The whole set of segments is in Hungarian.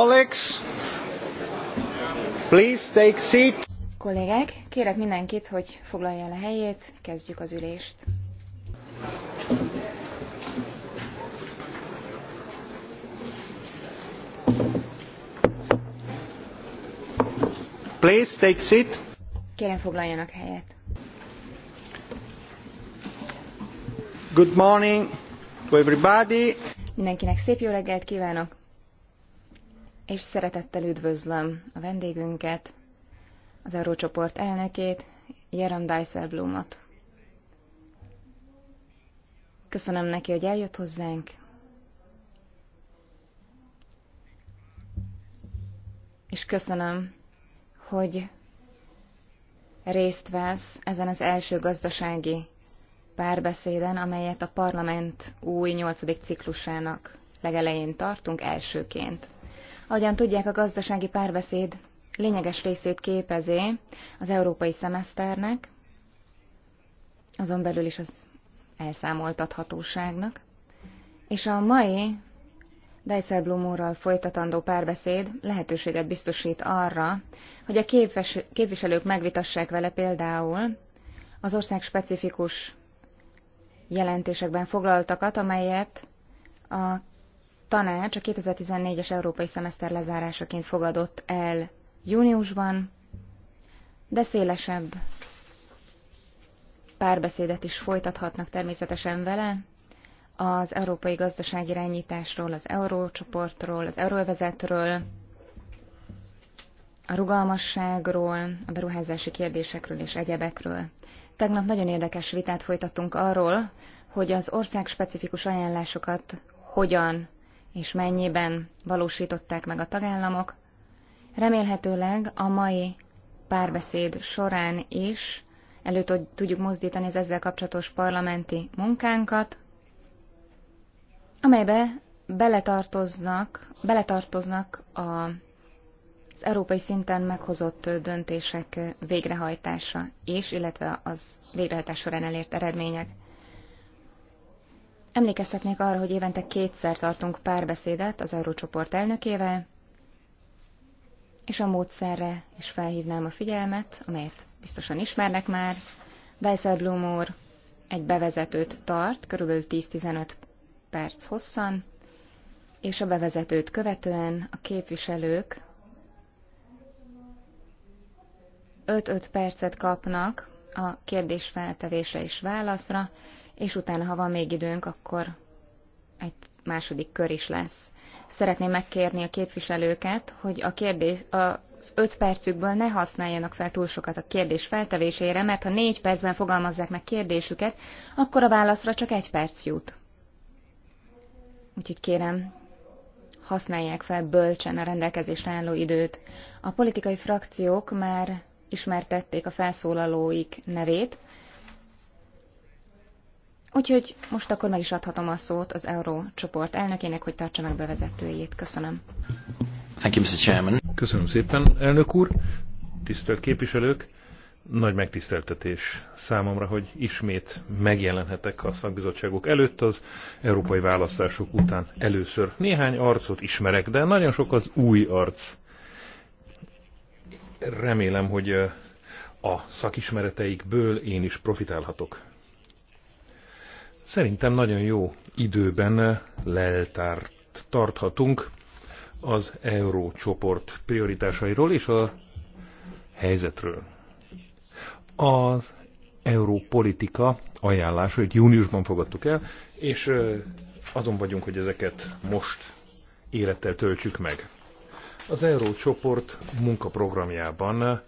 Colleagues, please take seat. Kollégák, kérek mindenkit, hogy foglalja el a helyét, kezdjük az ülést. Please take seat. Kérem foglaljanak helyet. Good morning to everybody. Mindenkinek szép jó reggelt kívánok és szeretettel üdvözlöm a vendégünket, az Eurócsoport elnökét, Jerem Dijsselblumot. Köszönöm neki, hogy eljött hozzánk. És köszönöm, hogy részt vesz ezen az első gazdasági párbeszéden, amelyet a parlament új nyolcadik ciklusának legelején tartunk elsőként. Ahogyan tudják, a gazdasági párbeszéd lényeges részét képezi az európai szemeszternek, azon belül is az elszámoltathatóságnak. És a mai Dijsselbloem úrral folytatandó párbeszéd lehetőséget biztosít arra, hogy a képviselők megvitassák vele például az ország specifikus jelentésekben foglaltakat, amelyet a tanács a 2014-es európai szemeszter lezárásaként fogadott el júniusban, de szélesebb párbeszédet is folytathatnak természetesen vele, az európai irányításról, az eurócsoportról, az euróvezetről, a rugalmasságról, a beruházási kérdésekről és egyebekről. Tegnap nagyon érdekes vitát folytattunk arról, hogy az ország specifikus ajánlásokat hogyan és mennyiben valósították meg a tagállamok. Remélhetőleg a mai párbeszéd során is elő tudjuk mozdítani az ezzel kapcsolatos parlamenti munkánkat, amelybe beletartoznak, beletartoznak a, az európai szinten meghozott döntések végrehajtása és, illetve az végrehajtás során elért eredmények. Emlékeztetnék arra, hogy évente kétszer tartunk párbeszédet az Eurócsoport elnökével, és a módszerre is felhívnám a figyelmet, amelyet biztosan ismernek már. Dijsselbloem úr egy bevezetőt tart, körülbelül 10-15 perc hosszan, és a bevezetőt követően a képviselők 5-5 percet kapnak a kérdésfeltevésre és válaszra, és utána, ha van még időnk, akkor egy második kör is lesz. Szeretném megkérni a képviselőket, hogy a kérdés, az öt percükből ne használjanak fel túl sokat a kérdés feltevésére, mert ha négy percben fogalmazzák meg kérdésüket, akkor a válaszra csak egy perc jut. Úgyhogy kérem, használják fel bölcsen a rendelkezésre álló időt. A politikai frakciók már ismertették a felszólalóik nevét, Úgyhogy most akkor meg is adhatom a szót az Euró csoport elnökének, hogy tartsa meg bevezetőjét. Köszönöm. Thank you, Mr. Chairman. Köszönöm szépen, elnök úr, tisztelt képviselők. Nagy megtiszteltetés számomra, hogy ismét megjelenhetek a szakbizottságok előtt az európai választások után először. Néhány arcot ismerek, de nagyon sok az új arc. Remélem, hogy a szakismereteikből én is profitálhatok. Szerintem nagyon jó időben eh, leltárt tarthatunk az eurócsoport prioritásairól és a helyzetről. Az európolitika hogy júniusban fogadtuk el, és eh, azon vagyunk, hogy ezeket most élettel töltsük meg. Az eurócsoport munkaprogramjában eh,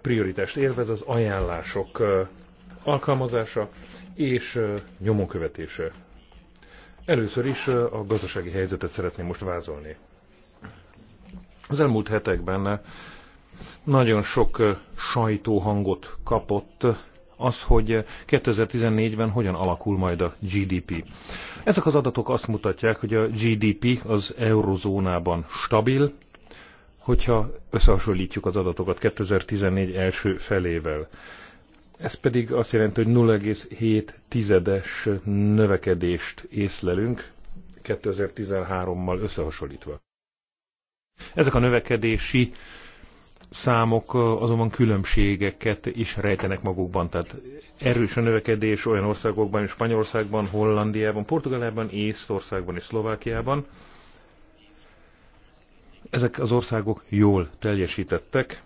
prioritást élvez az ajánlások alkalmazása, és nyomon követése. Először is a gazdasági helyzetet szeretném most vázolni. Az elmúlt hetekben nagyon sok sajtóhangot kapott az, hogy 2014-ben hogyan alakul majd a GDP. Ezek az adatok azt mutatják, hogy a GDP az eurozónában stabil, hogyha összehasonlítjuk az adatokat 2014 első felével. Ez pedig azt jelenti, hogy 0,7-es növekedést észlelünk 2013-mal összehasonlítva. Ezek a növekedési számok azonban különbségeket is rejtenek magukban. Tehát erős a növekedés olyan országokban, mint Spanyolországban, Hollandiában, Portugáliában, Észtországban és Szlovákiában. Ezek az országok jól teljesítettek,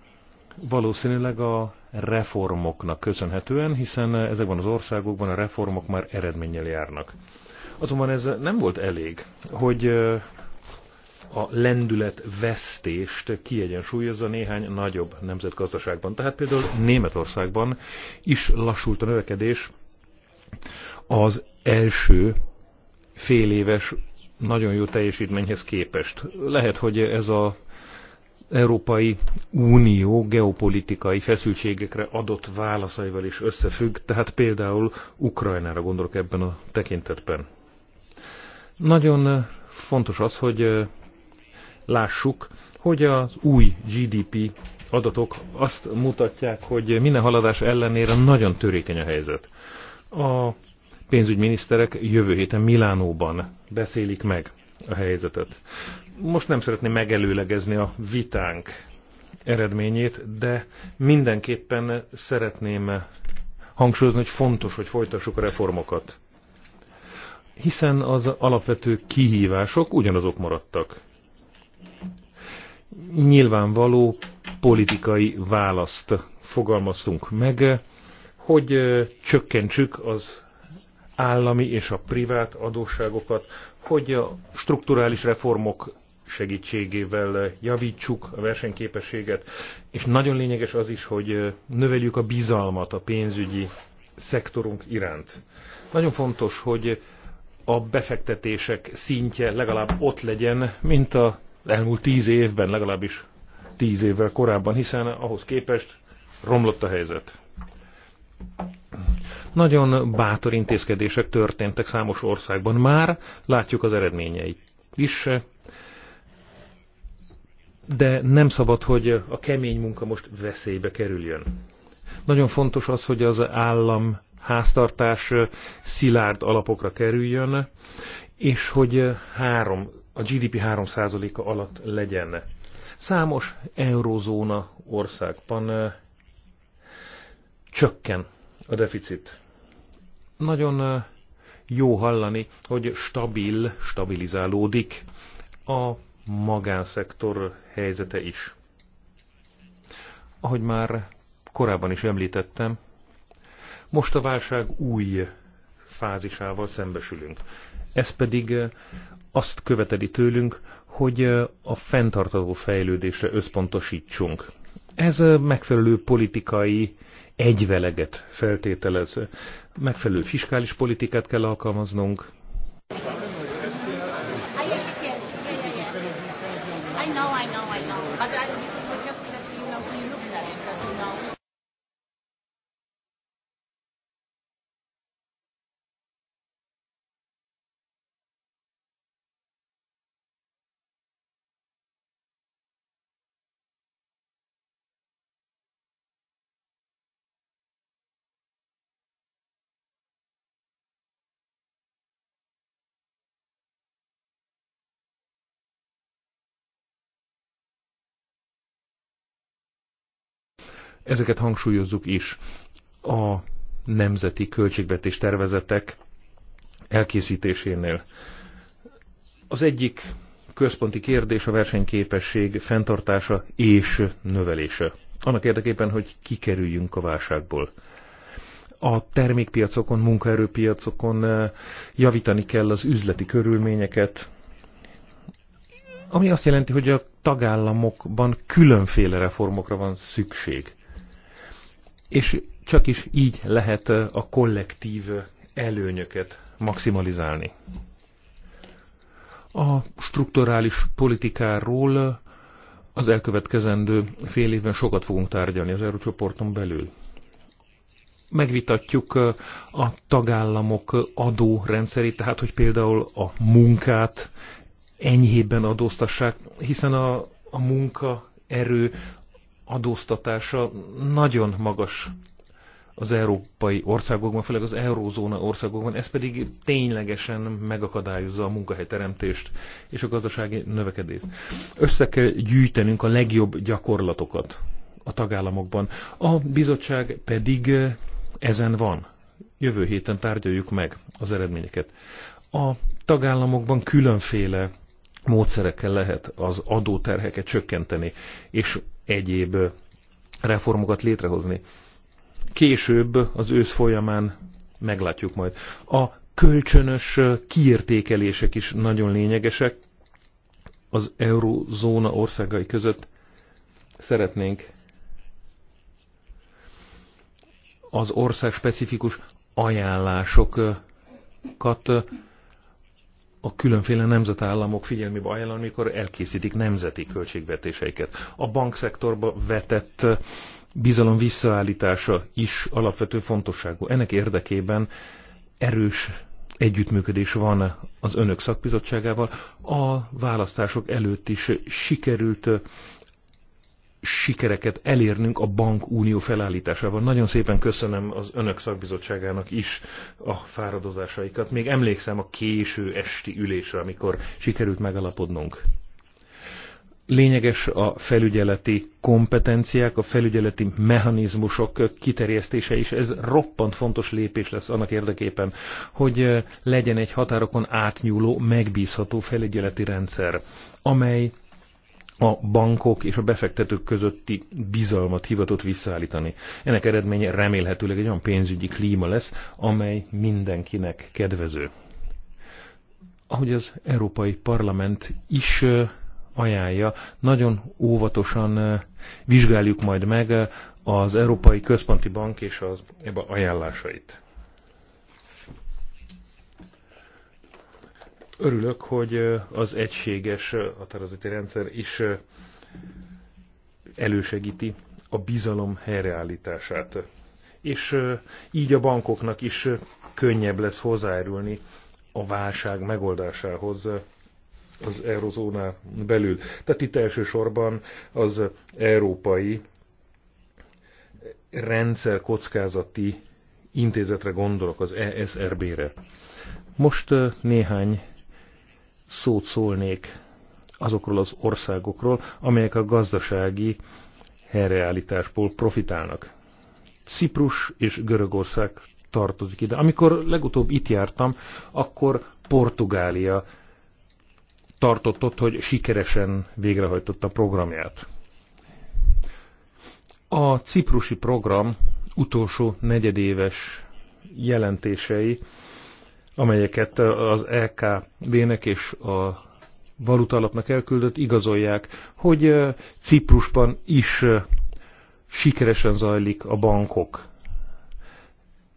valószínűleg a reformoknak köszönhetően, hiszen ezekben az országokban a reformok már eredménnyel járnak. Azonban ez nem volt elég, hogy a lendület vesztést kiegyensúlyozza néhány nagyobb nemzetgazdaságban. Tehát például Németországban is lassult a növekedés az első fél éves nagyon jó teljesítményhez képest. Lehet, hogy ez a Európai Unió geopolitikai feszültségekre adott válaszaival is összefügg, tehát például Ukrajnára gondolok ebben a tekintetben. Nagyon fontos az, hogy lássuk, hogy az új GDP adatok azt mutatják, hogy minden haladás ellenére nagyon törékeny a helyzet. A pénzügyminiszterek jövő héten Milánóban beszélik meg a helyzetet. Most nem szeretném megelőlegezni a vitánk eredményét, de mindenképpen szeretném hangsúlyozni, hogy fontos, hogy folytassuk a reformokat. Hiszen az alapvető kihívások ugyanazok maradtak. Nyilvánvaló politikai választ fogalmaztunk meg, hogy csökkentsük az állami és a privát adósságokat, hogy a strukturális reformok segítségével javítsuk a versenyképességet, és nagyon lényeges az is, hogy növeljük a bizalmat a pénzügyi szektorunk iránt. Nagyon fontos, hogy a befektetések szintje legalább ott legyen, mint a elmúlt tíz évben, legalábbis tíz évvel korábban, hiszen ahhoz képest romlott a helyzet. Nagyon bátor intézkedések történtek számos országban. Már látjuk az eredményeit is, de nem szabad, hogy a kemény munka most veszélybe kerüljön. Nagyon fontos az, hogy az állam háztartás szilárd alapokra kerüljön, és hogy három, a GDP 3%-a alatt legyen. Számos eurozóna országban csökken a deficit. Nagyon jó hallani, hogy stabil, stabilizálódik a magánszektor helyzete is. Ahogy már korábban is említettem, most a válság új fázisával szembesülünk. Ez pedig azt követeli tőlünk, hogy a fenntartó fejlődésre összpontosítsunk. Ez megfelelő politikai egyveleget feltételez. Megfelelő fiskális politikát kell alkalmaznunk, Ezeket hangsúlyozzuk is. A nemzeti költségvetés tervezetek elkészítésénél. Az egyik központi kérdés a versenyképesség fenntartása és növelése. Annak érdekében, hogy kikerüljünk a válságból. A termékpiacokon, munkaerőpiacokon eh, javítani kell az üzleti körülményeket, ami azt jelenti, hogy a tagállamokban különféle reformokra van szükség és csak is így lehet a kollektív előnyöket maximalizálni. A strukturális politikáról az elkövetkezendő fél évben sokat fogunk tárgyalni az eurócsoporton belül. Megvitatjuk a tagállamok adórendszerét, tehát hogy például a munkát enyhébben adóztassák, hiszen a, a munka erő adóztatása nagyon magas az európai országokban, főleg az eurózóna országokban, ez pedig ténylegesen megakadályozza a munkahelyteremtést és a gazdasági növekedést. Össze kell gyűjtenünk a legjobb gyakorlatokat a tagállamokban. A bizottság pedig ezen van. Jövő héten tárgyaljuk meg az eredményeket. A tagállamokban különféle módszerekkel lehet az adóterheket csökkenteni, és egyéb reformokat létrehozni. Később az ősz folyamán meglátjuk majd. A kölcsönös kiértékelések is nagyon lényegesek az eurozóna országai között. Szeretnénk az ország specifikus ajánlásokat a különféle nemzetállamok figyelmébe ajánl, amikor elkészítik nemzeti költségvetéseiket. A bankszektorba vetett bizalom visszaállítása is alapvető fontosságú. Ennek érdekében erős együttműködés van az önök szakbizottságával. A választások előtt is sikerült sikereket elérnünk a bankunió felállításával. Nagyon szépen köszönöm az önök szakbizottságának is a fáradozásaikat. Még emlékszem a késő esti ülésre, amikor sikerült megalapodnunk. Lényeges a felügyeleti kompetenciák, a felügyeleti mechanizmusok kiterjesztése is. Ez roppant fontos lépés lesz annak érdekében, hogy legyen egy határokon átnyúló, megbízható felügyeleti rendszer, amely a bankok és a befektetők közötti bizalmat hivatott visszaállítani. Ennek eredménye remélhetőleg egy olyan pénzügyi klíma lesz, amely mindenkinek kedvező. Ahogy az Európai Parlament is ajánlja, nagyon óvatosan vizsgáljuk majd meg az Európai Központi Bank és az ajánlásait. Örülök, hogy az egységes határozati rendszer is elősegíti a bizalom helyreállítását. És így a bankoknak is könnyebb lesz hozzájárulni a válság megoldásához az eurozóná belül. Tehát itt elsősorban az európai rendszer kockázati intézetre gondolok, az ESRB-re. Most néhány szót szólnék azokról az országokról, amelyek a gazdasági helyreállításból profitálnak. Ciprus és Görögország tartozik ide. Amikor legutóbb itt jártam, akkor Portugália tartott ott, hogy sikeresen végrehajtotta a programját. A ciprusi program utolsó negyedéves jelentései amelyeket az LKB-nek e és a valutalapnak elküldött, igazolják, hogy Ciprusban is sikeresen zajlik a bankok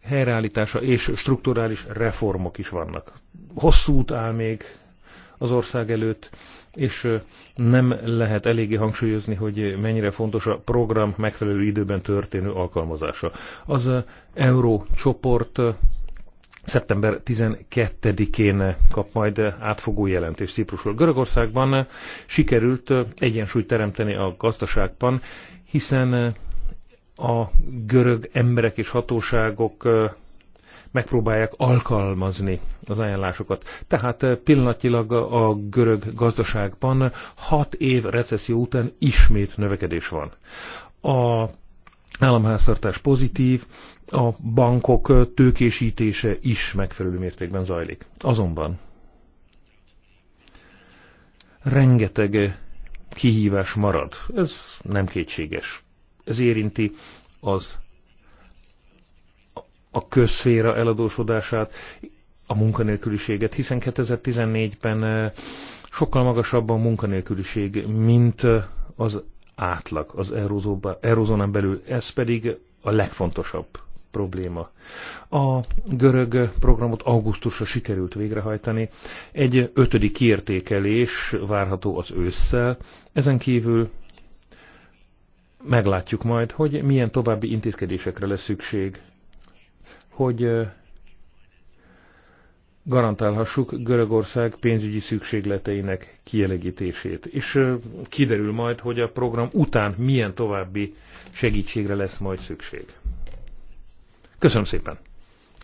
helyreállítása és strukturális reformok is vannak. Hosszú út áll még az ország előtt, és nem lehet eléggé hangsúlyozni, hogy mennyire fontos a program megfelelő időben történő alkalmazása. Az eurócsoport szeptember 12-én kap majd átfogó jelentést Ciprusról. Görögországban sikerült egyensúlyt teremteni a gazdaságban, hiszen a görög emberek és hatóságok megpróbálják alkalmazni az ajánlásokat. Tehát pillanatilag a görög gazdaságban hat év recesszió után ismét növekedés van. A államháztartás pozitív, a bankok tőkésítése is megfelelő mértékben zajlik. Azonban rengeteg kihívás marad. Ez nem kétséges. Ez érinti az a közszféra eladósodását, a munkanélküliséget, hiszen 2014-ben sokkal magasabb a munkanélküliség, mint az átlag az eurozónán belül, ez pedig a legfontosabb probléma. A görög programot augusztusra sikerült végrehajtani. Egy ötödik kiértékelés várható az ősszel. Ezen kívül meglátjuk majd, hogy milyen további intézkedésekre lesz szükség, hogy garantálhassuk Görögország pénzügyi szükségleteinek kielégítését. És kiderül majd, hogy a program után milyen további segítségre lesz majd szükség. Köszönöm szépen!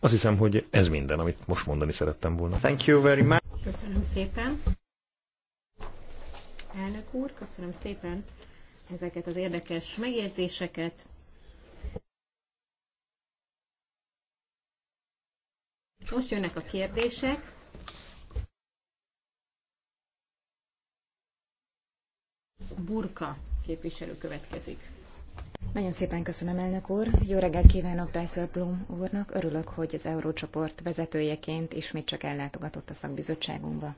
Azt hiszem, hogy ez minden, amit most mondani szerettem volna. Thank you very much. Köszönöm szépen. Elnök úr, köszönöm szépen ezeket az érdekes megértéseket. Most jönnek a kérdések. Burka képviselő következik. Nagyon szépen köszönöm, elnök úr. Jó reggelt kívánok Blum úrnak. Örülök, hogy az Eurócsoport vezetőjeként ismét csak ellátogatott a szakbizottságunkba.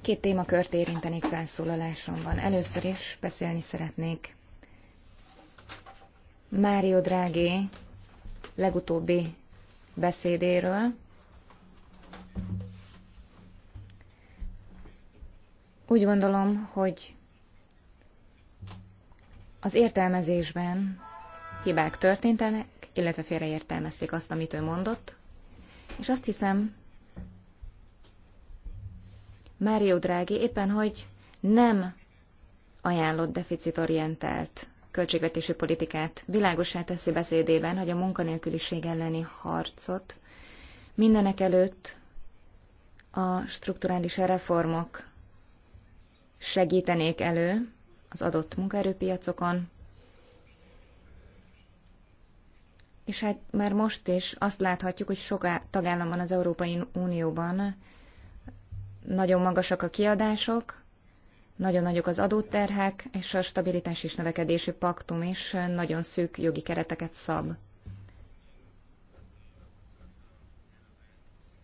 Két témakört érintenék felszólalásomban. Először is beszélni szeretnék Mário Drágé legutóbbi beszédéről. Úgy gondolom, hogy az értelmezésben hibák történtenek, illetve félreértelmezték azt, amit ő mondott, és azt hiszem, Mário Drági éppen hogy nem ajánlott deficitorientált költségvetési politikát. Világosá teszi beszédében, hogy a munkanélküliség elleni harcot mindenek előtt a strukturális reformok segítenék elő az adott munkaerőpiacokon, és hát már most is azt láthatjuk, hogy sok tagállam van az Európai Unióban nagyon magasak a kiadások, nagyon nagyok az adóterhek, és a stabilitás és növekedési paktum is nagyon szűk jogi kereteket szab.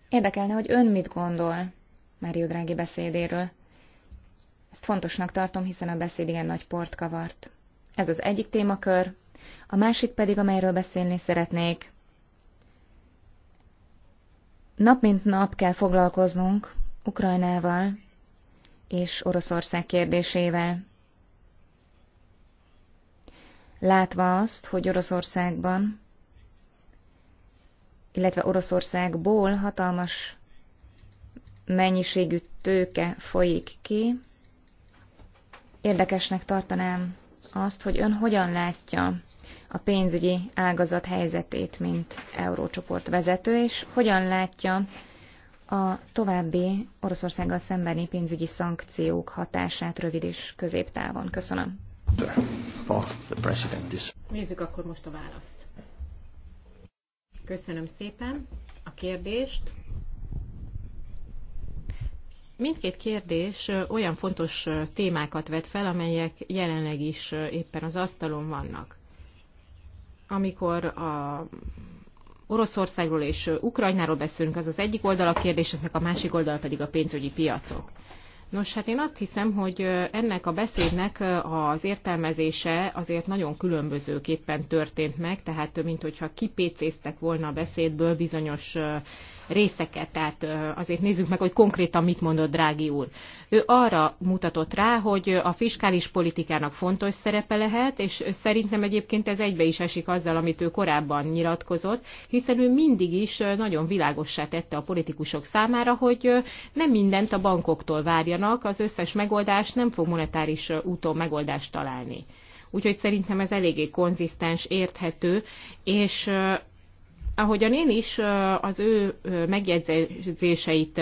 Érdekelne, hogy ön mit gondol Mário Drági beszédéről. Ezt fontosnak tartom, hiszen a beszéd igen nagy port kavart. Ez az egyik témakör, a másik pedig, amelyről beszélni szeretnék. Nap mint nap kell foglalkoznunk Ukrajnával, és Oroszország kérdésével. Látva azt, hogy Oroszországban, illetve Oroszországból hatalmas mennyiségű tőke folyik ki, érdekesnek tartanám azt, hogy ön hogyan látja a pénzügyi ágazat helyzetét, mint eurócsoport vezető, és hogyan látja a további Oroszországgal szembeni pénzügyi szankciók hatását rövid és középtávon. Köszönöm. Nézzük akkor most a választ. Köszönöm szépen a kérdést. Mindkét kérdés olyan fontos témákat vet fel, amelyek jelenleg is éppen az asztalon vannak. Amikor a Oroszországról és Ukrajnáról beszélünk, az az egyik oldal a kérdéseknek, a másik oldal pedig a pénzügyi piacok. Nos, hát én azt hiszem, hogy ennek a beszédnek az értelmezése azért nagyon különbözőképpen történt meg, tehát mint hogyha kipécéztek volna a beszédből bizonyos részeket, tehát azért nézzük meg, hogy konkrétan mit mondott Drági úr. Ő arra mutatott rá, hogy a fiskális politikának fontos szerepe lehet, és szerintem egyébként ez egybe is esik azzal, amit ő korábban nyilatkozott, hiszen ő mindig is nagyon világossá tette a politikusok számára, hogy nem mindent a bankoktól várjanak, az összes megoldást nem fog monetáris úton megoldást találni. Úgyhogy szerintem ez eléggé konzisztens, érthető, és ahogyan én is az ő megjegyzéseit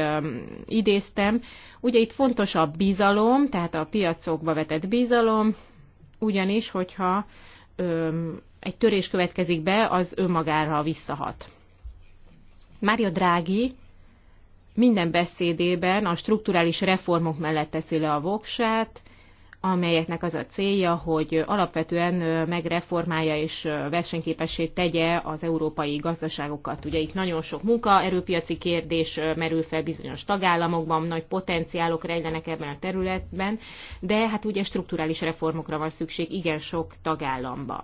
idéztem, ugye itt fontos a bizalom, tehát a piacokba vetett bizalom, ugyanis, hogyha egy törés következik be, az önmagára visszahat. Mária Drági minden beszédében a strukturális reformok mellett teszi le a voksát, amelyeknek az a célja, hogy alapvetően megreformálja és versenyképessé tegye az európai gazdaságokat. Ugye itt nagyon sok munkaerőpiaci kérdés merül fel bizonyos tagállamokban, nagy potenciálok rejlenek ebben a területben, de hát ugye strukturális reformokra van szükség igen sok tagállamban.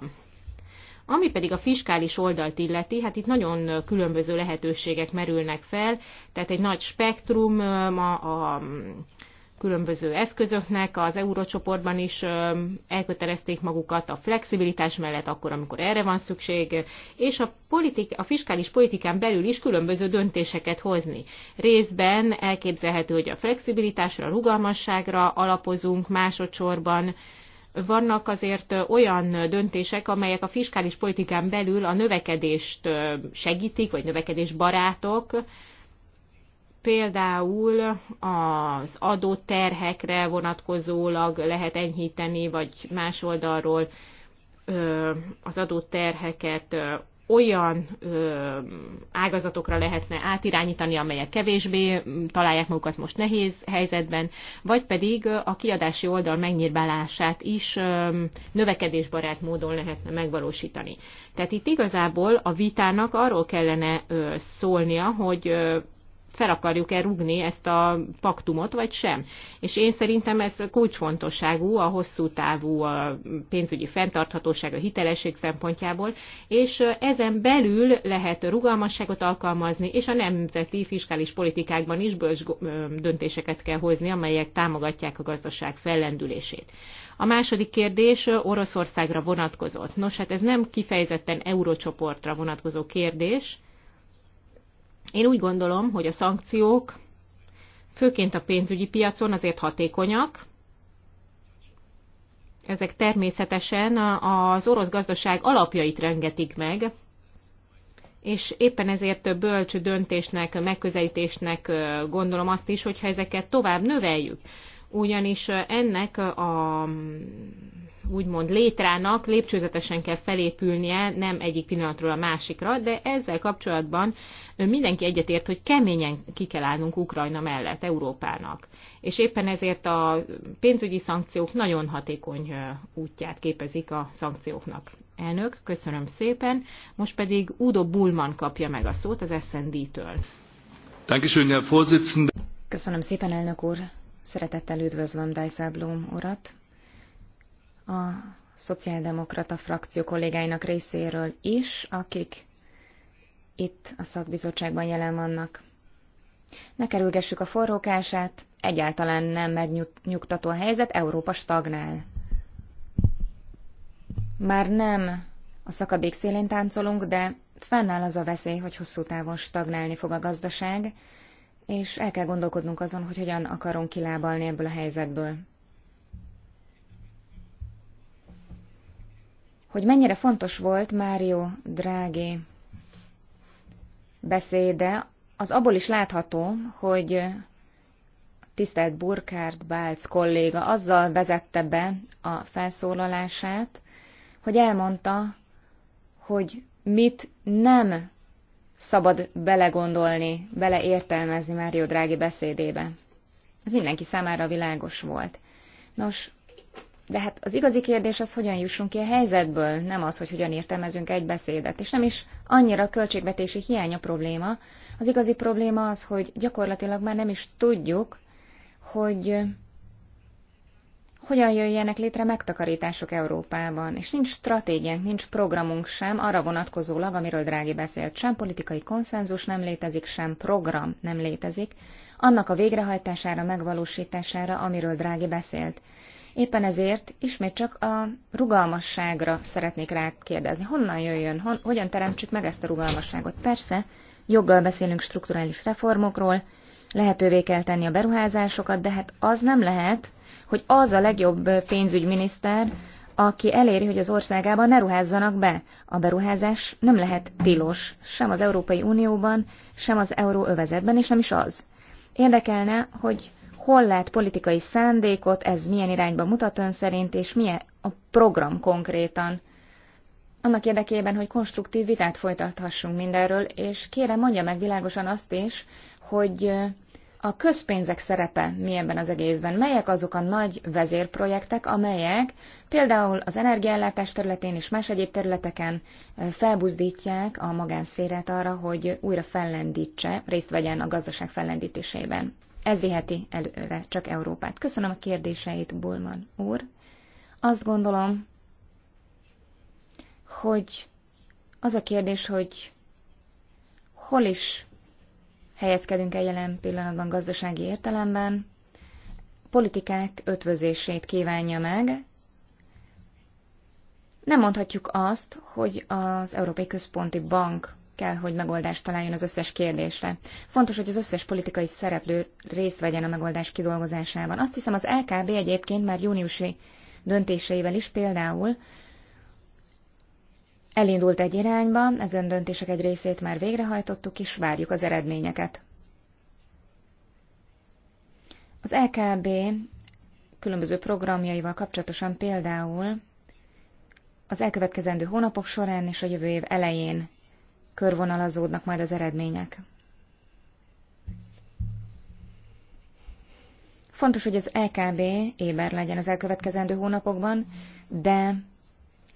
Ami pedig a fiskális oldalt illeti, hát itt nagyon különböző lehetőségek merülnek fel, tehát egy nagy spektrum a, a különböző eszközöknek, az eurócsoportban is elkötelezték magukat a flexibilitás mellett akkor, amikor erre van szükség, és a, politik, a fiskális politikán belül is különböző döntéseket hozni. Részben elképzelhető, hogy a flexibilitásra, a rugalmasságra alapozunk másodszorban, vannak azért olyan döntések, amelyek a fiskális politikán belül a növekedést segítik, vagy növekedésbarátok, például az adóterhekre vonatkozólag lehet enyhíteni, vagy más oldalról az adóterheket olyan ö, ágazatokra lehetne átirányítani, amelyek kevésbé találják magukat most nehéz helyzetben, vagy pedig a kiadási oldal megnyírbálását is ö, növekedésbarát módon lehetne megvalósítani. Tehát itt igazából a vitának arról kellene ö, szólnia, hogy ö, fel akarjuk-e rugni ezt a paktumot, vagy sem. És én szerintem ez kulcsfontosságú a hosszú távú a pénzügyi fenntarthatóság, a hitelesség szempontjából, és ezen belül lehet rugalmasságot alkalmazni, és a nemzeti fiskális politikákban is bölcs döntéseket kell hozni, amelyek támogatják a gazdaság fellendülését. A második kérdés Oroszországra vonatkozott. Nos, hát ez nem kifejezetten eurócsoportra vonatkozó kérdés, én úgy gondolom, hogy a szankciók főként a pénzügyi piacon azért hatékonyak, ezek természetesen az orosz gazdaság alapjait rengetik meg, és éppen ezért több bölcs döntésnek, megközelítésnek gondolom azt is, hogyha ezeket tovább növeljük ugyanis ennek a úgymond létrának lépcsőzetesen kell felépülnie, nem egyik pillanatról a másikra, de ezzel kapcsolatban mindenki egyetért, hogy keményen ki kell állnunk Ukrajna mellett, Európának. És éppen ezért a pénzügyi szankciók nagyon hatékony útját képezik a szankcióknak. Elnök, köszönöm szépen. Most pedig Udo Bullman kapja meg a szót az SND-től. Köszönöm szépen, elnök úr. Szeretettel üdvözlöm Blum urat. A szociáldemokrata frakció kollégáinak részéről is, akik itt a szakbizottságban jelen vannak. Ne kerülgessük a forrókását, egyáltalán nem megnyugtató a helyzet, Európa stagnál. Már nem a szakadék szélén táncolunk, de fennáll az a veszély, hogy hosszú távon stagnálni fog a gazdaság, és el kell gondolkodnunk azon, hogy hogyan akarunk kilábalni ebből a helyzetből. Hogy mennyire fontos volt Mário Drági beszéde, az abból is látható, hogy tisztelt Burkárt Bálc kolléga azzal vezette be a felszólalását, hogy elmondta, hogy mit nem szabad belegondolni, beleértelmezni Mário Drági beszédébe. Ez mindenki számára világos volt. Nos, de hát az igazi kérdés az, hogyan jussunk ki a helyzetből, nem az, hogy hogyan értelmezünk egy beszédet. És nem is annyira a költségvetési hiány a probléma. Az igazi probléma az, hogy gyakorlatilag már nem is tudjuk, hogy hogyan jöjjenek létre megtakarítások Európában, és nincs stratégiánk, nincs programunk sem arra vonatkozólag, amiről Drági beszélt, sem politikai konszenzus nem létezik, sem program nem létezik, annak a végrehajtására, megvalósítására, amiről Drági beszélt. Éppen ezért ismét csak a rugalmasságra szeretnék kérdezni, Honnan jöjjön, hon, hogyan teremtsük meg ezt a rugalmasságot? Persze, joggal beszélünk strukturális reformokról, lehetővé kell tenni a beruházásokat, de hát az nem lehet, hogy az a legjobb pénzügyminiszter, aki eléri, hogy az országában ne ruházzanak be. A beruházás nem lehet tilos, sem az Európai Unióban, sem az euróövezetben, és nem is az. Érdekelne, hogy hol lát politikai szándékot, ez milyen irányba mutat ön szerint, és milyen a program konkrétan. Annak érdekében, hogy konstruktív vitát folytathassunk mindenről, és kérem mondja meg világosan azt is, hogy a közpénzek szerepe mi ebben az egészben? Melyek azok a nagy vezérprojektek, amelyek például az energiállátás területén és más egyéb területeken felbuzdítják a magánszférát arra, hogy újra fellendítse, részt vegyen a gazdaság fellendítésében? Ez viheti előre csak Európát. Köszönöm a kérdéseit, Bulman úr. Azt gondolom, hogy az a kérdés, hogy hol is helyezkedünk el jelen pillanatban gazdasági értelemben, politikák ötvözését kívánja meg. Nem mondhatjuk azt, hogy az Európai Központi Bank kell, hogy megoldást találjon az összes kérdésre. Fontos, hogy az összes politikai szereplő részt vegyen a megoldás kidolgozásában. Azt hiszem, az LKB egyébként már júniusi döntéseivel is például Elindult egy irányba, ezen döntések egy részét már végrehajtottuk, és várjuk az eredményeket. Az LKB e különböző programjaival kapcsolatosan például az elkövetkezendő hónapok során és a jövő év elején körvonalazódnak majd az eredmények. Fontos, hogy az LKB e éber legyen az elkövetkezendő hónapokban, de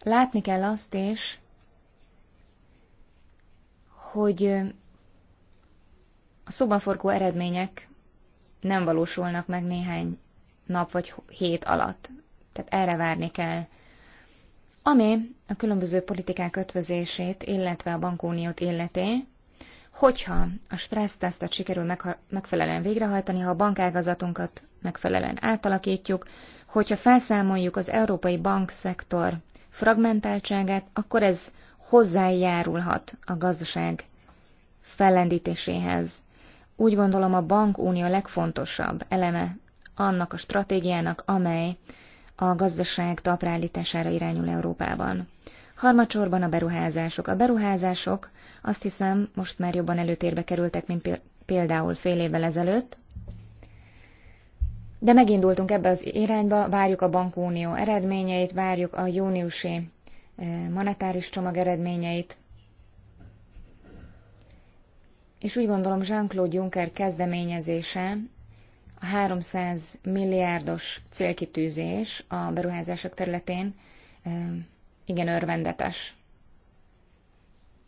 látni kell azt is, hogy a szóban forgó eredmények nem valósulnak meg néhány nap vagy hét alatt. Tehát erre várni kell. Ami a különböző politikák ötvözését, illetve a bankóniót illeté, hogyha a stressztesztet sikerül megfelelően végrehajtani, ha a bankágazatunkat megfelelően átalakítjuk, hogyha felszámoljuk az európai bankszektor fragmentáltságát, akkor ez hozzájárulhat a gazdaság fellendítéséhez. Úgy gondolom a bankunió legfontosabb eleme annak a stratégiának, amely a gazdaság taprállítására irányul Európában. Harmadsorban a beruházások. A beruházások azt hiszem most már jobban előtérbe kerültek, mint például fél évvel ezelőtt, de megindultunk ebbe az irányba, várjuk a bankunió eredményeit, várjuk a júniusi monetáris csomag eredményeit. És úgy gondolom Jean-Claude Juncker kezdeményezése a 300 milliárdos célkitűzés a beruházások területén igen örvendetes.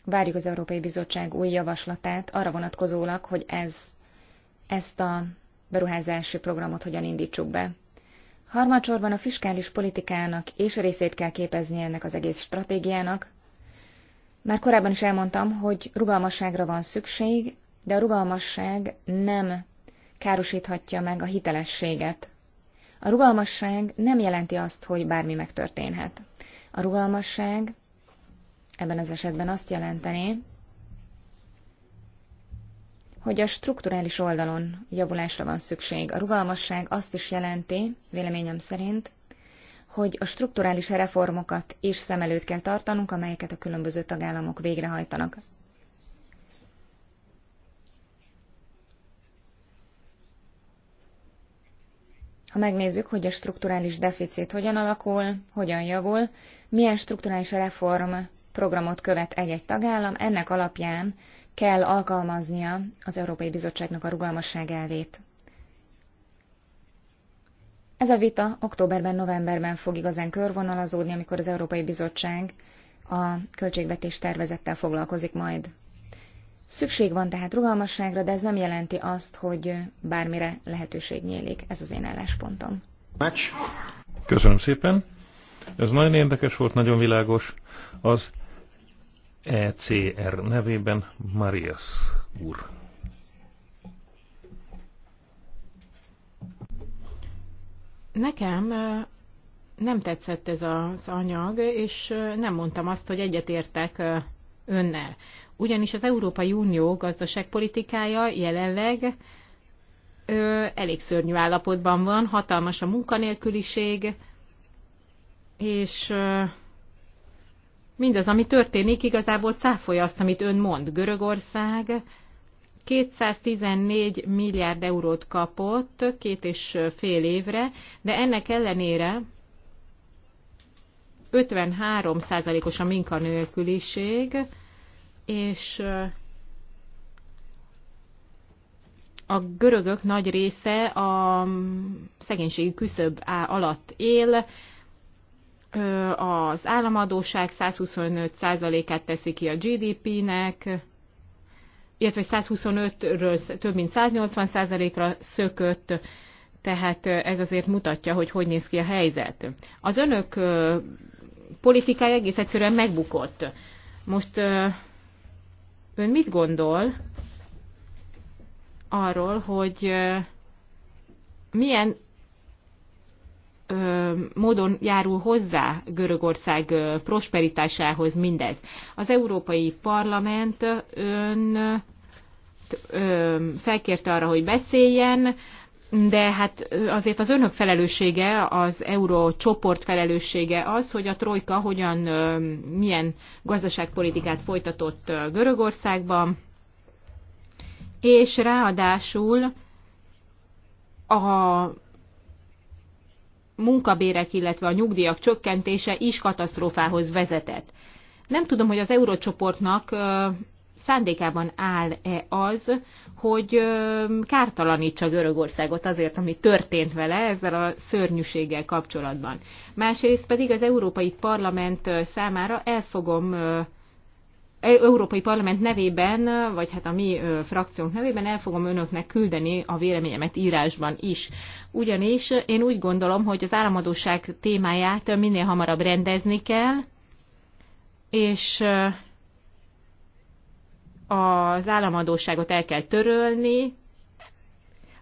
Várjuk az Európai Bizottság új javaslatát arra vonatkozólag, hogy ez, ezt a beruházási programot hogyan indítsuk be. Harmadsorban a fiskális politikának és részét kell képezni ennek az egész stratégiának. Már korábban is elmondtam, hogy rugalmasságra van szükség, de a rugalmasság nem károsíthatja meg a hitelességet. A rugalmasság nem jelenti azt, hogy bármi megtörténhet. A rugalmasság ebben az esetben azt jelenteni, hogy a strukturális oldalon javulásra van szükség. A rugalmasság azt is jelenti, véleményem szerint, hogy a strukturális reformokat is szem előtt kell tartanunk, amelyeket a különböző tagállamok végrehajtanak. Ha megnézzük, hogy a strukturális deficit hogyan alakul, hogyan javul, milyen strukturális reform programot követ egy-egy tagállam, ennek alapján kell alkalmaznia az Európai Bizottságnak a rugalmasság elvét. Ez a vita októberben, novemberben fog igazán körvonalazódni, amikor az Európai Bizottság a költségvetés tervezettel foglalkozik majd. Szükség van tehát rugalmasságra, de ez nem jelenti azt, hogy bármire lehetőség nyílik. Ez az én álláspontom. Köszönöm szépen. Ez nagyon érdekes volt, nagyon világos. Az ECR nevében Marias úr. Nekem eh, nem tetszett ez az anyag, és eh, nem mondtam azt, hogy egyetértek eh, önnel. Ugyanis az Európai Unió gazdaságpolitikája jelenleg ö, elég szörnyű állapotban van, hatalmas a munkanélküliség, és ö, mindaz, ami történik, igazából cáfolja azt, amit ön mond. Görögország 214 milliárd eurót kapott két és fél évre, de ennek ellenére 53 százalékos a minkanélküliség, és a görögök nagy része a szegénységi küszöb alatt él, az államadóság 125%-át teszi ki a GDP-nek, illetve 125-ről több mint 180%-ra szökött, tehát ez azért mutatja, hogy hogy néz ki a helyzet. Az önök politikája egész egyszerűen megbukott. Most ön mit gondol arról, hogy milyen módon járul hozzá Görögország prosperitásához mindez. Az Európai Parlament ön felkérte arra, hogy beszéljen, de hát azért az önök felelőssége, az euró csoport felelőssége az, hogy a trojka hogyan, milyen gazdaságpolitikát folytatott Görögországban, és ráadásul a munkabérek, illetve a nyugdíjak csökkentése is katasztrófához vezetett. Nem tudom, hogy az eurócsoportnak szándékában áll-e az, hogy kártalanítsa Görögországot azért, ami történt vele ezzel a szörnyűséggel kapcsolatban. Másrészt pedig az Európai Parlament számára el fogom Európai Parlament nevében, vagy hát a mi frakciónk nevében el fogom önöknek küldeni a véleményemet írásban is. Ugyanis én úgy gondolom, hogy az államadóság témáját minél hamarabb rendezni kell, és az államadóságot el kell törölni.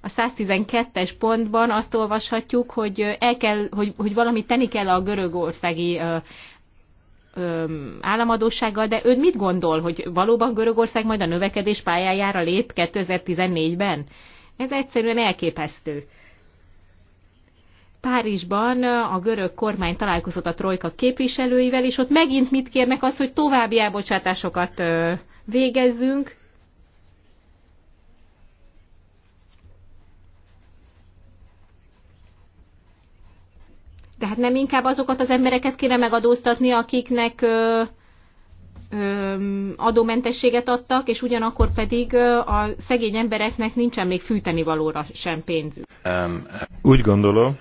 A 112-es pontban azt olvashatjuk, hogy, el kell, hogy, hogy valamit tenni kell a görögországi államadósággal, de ön mit gondol, hogy valóban Görögország majd a növekedés pályájára lép 2014-ben? Ez egyszerűen elképesztő. Párizsban a görög kormány találkozott a trojka képviselőivel, és ott megint mit kérnek az, hogy további elbocsátásokat végezzünk. Tehát nem inkább azokat az embereket kéne megadóztatni, akiknek ö, ö, adómentességet adtak, és ugyanakkor pedig a szegény embereknek nincsen még fűteni valóra sem pénzük. Um, Úgy gondolom,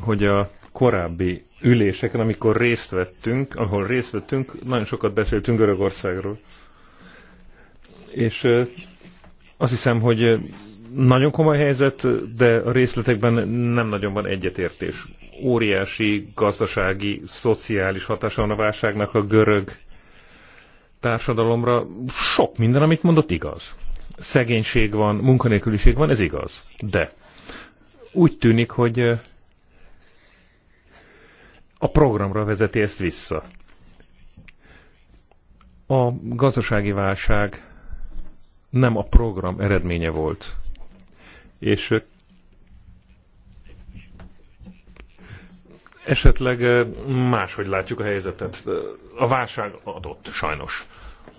hogy a korábbi üléseken, amikor részt vettünk, ahol részt vettünk, nagyon sokat beszéltünk Görögországról. És azt hiszem, hogy nagyon komoly helyzet, de a részletekben nem nagyon van egyetértés óriási gazdasági, szociális hatása van a válságnak a görög társadalomra. Sok minden, amit mondott, igaz. Szegénység van, munkanélküliség van, ez igaz. De úgy tűnik, hogy a programra vezeti ezt vissza. A gazdasági válság nem a program eredménye volt. És esetleg máshogy látjuk a helyzetet. A válság adott, sajnos.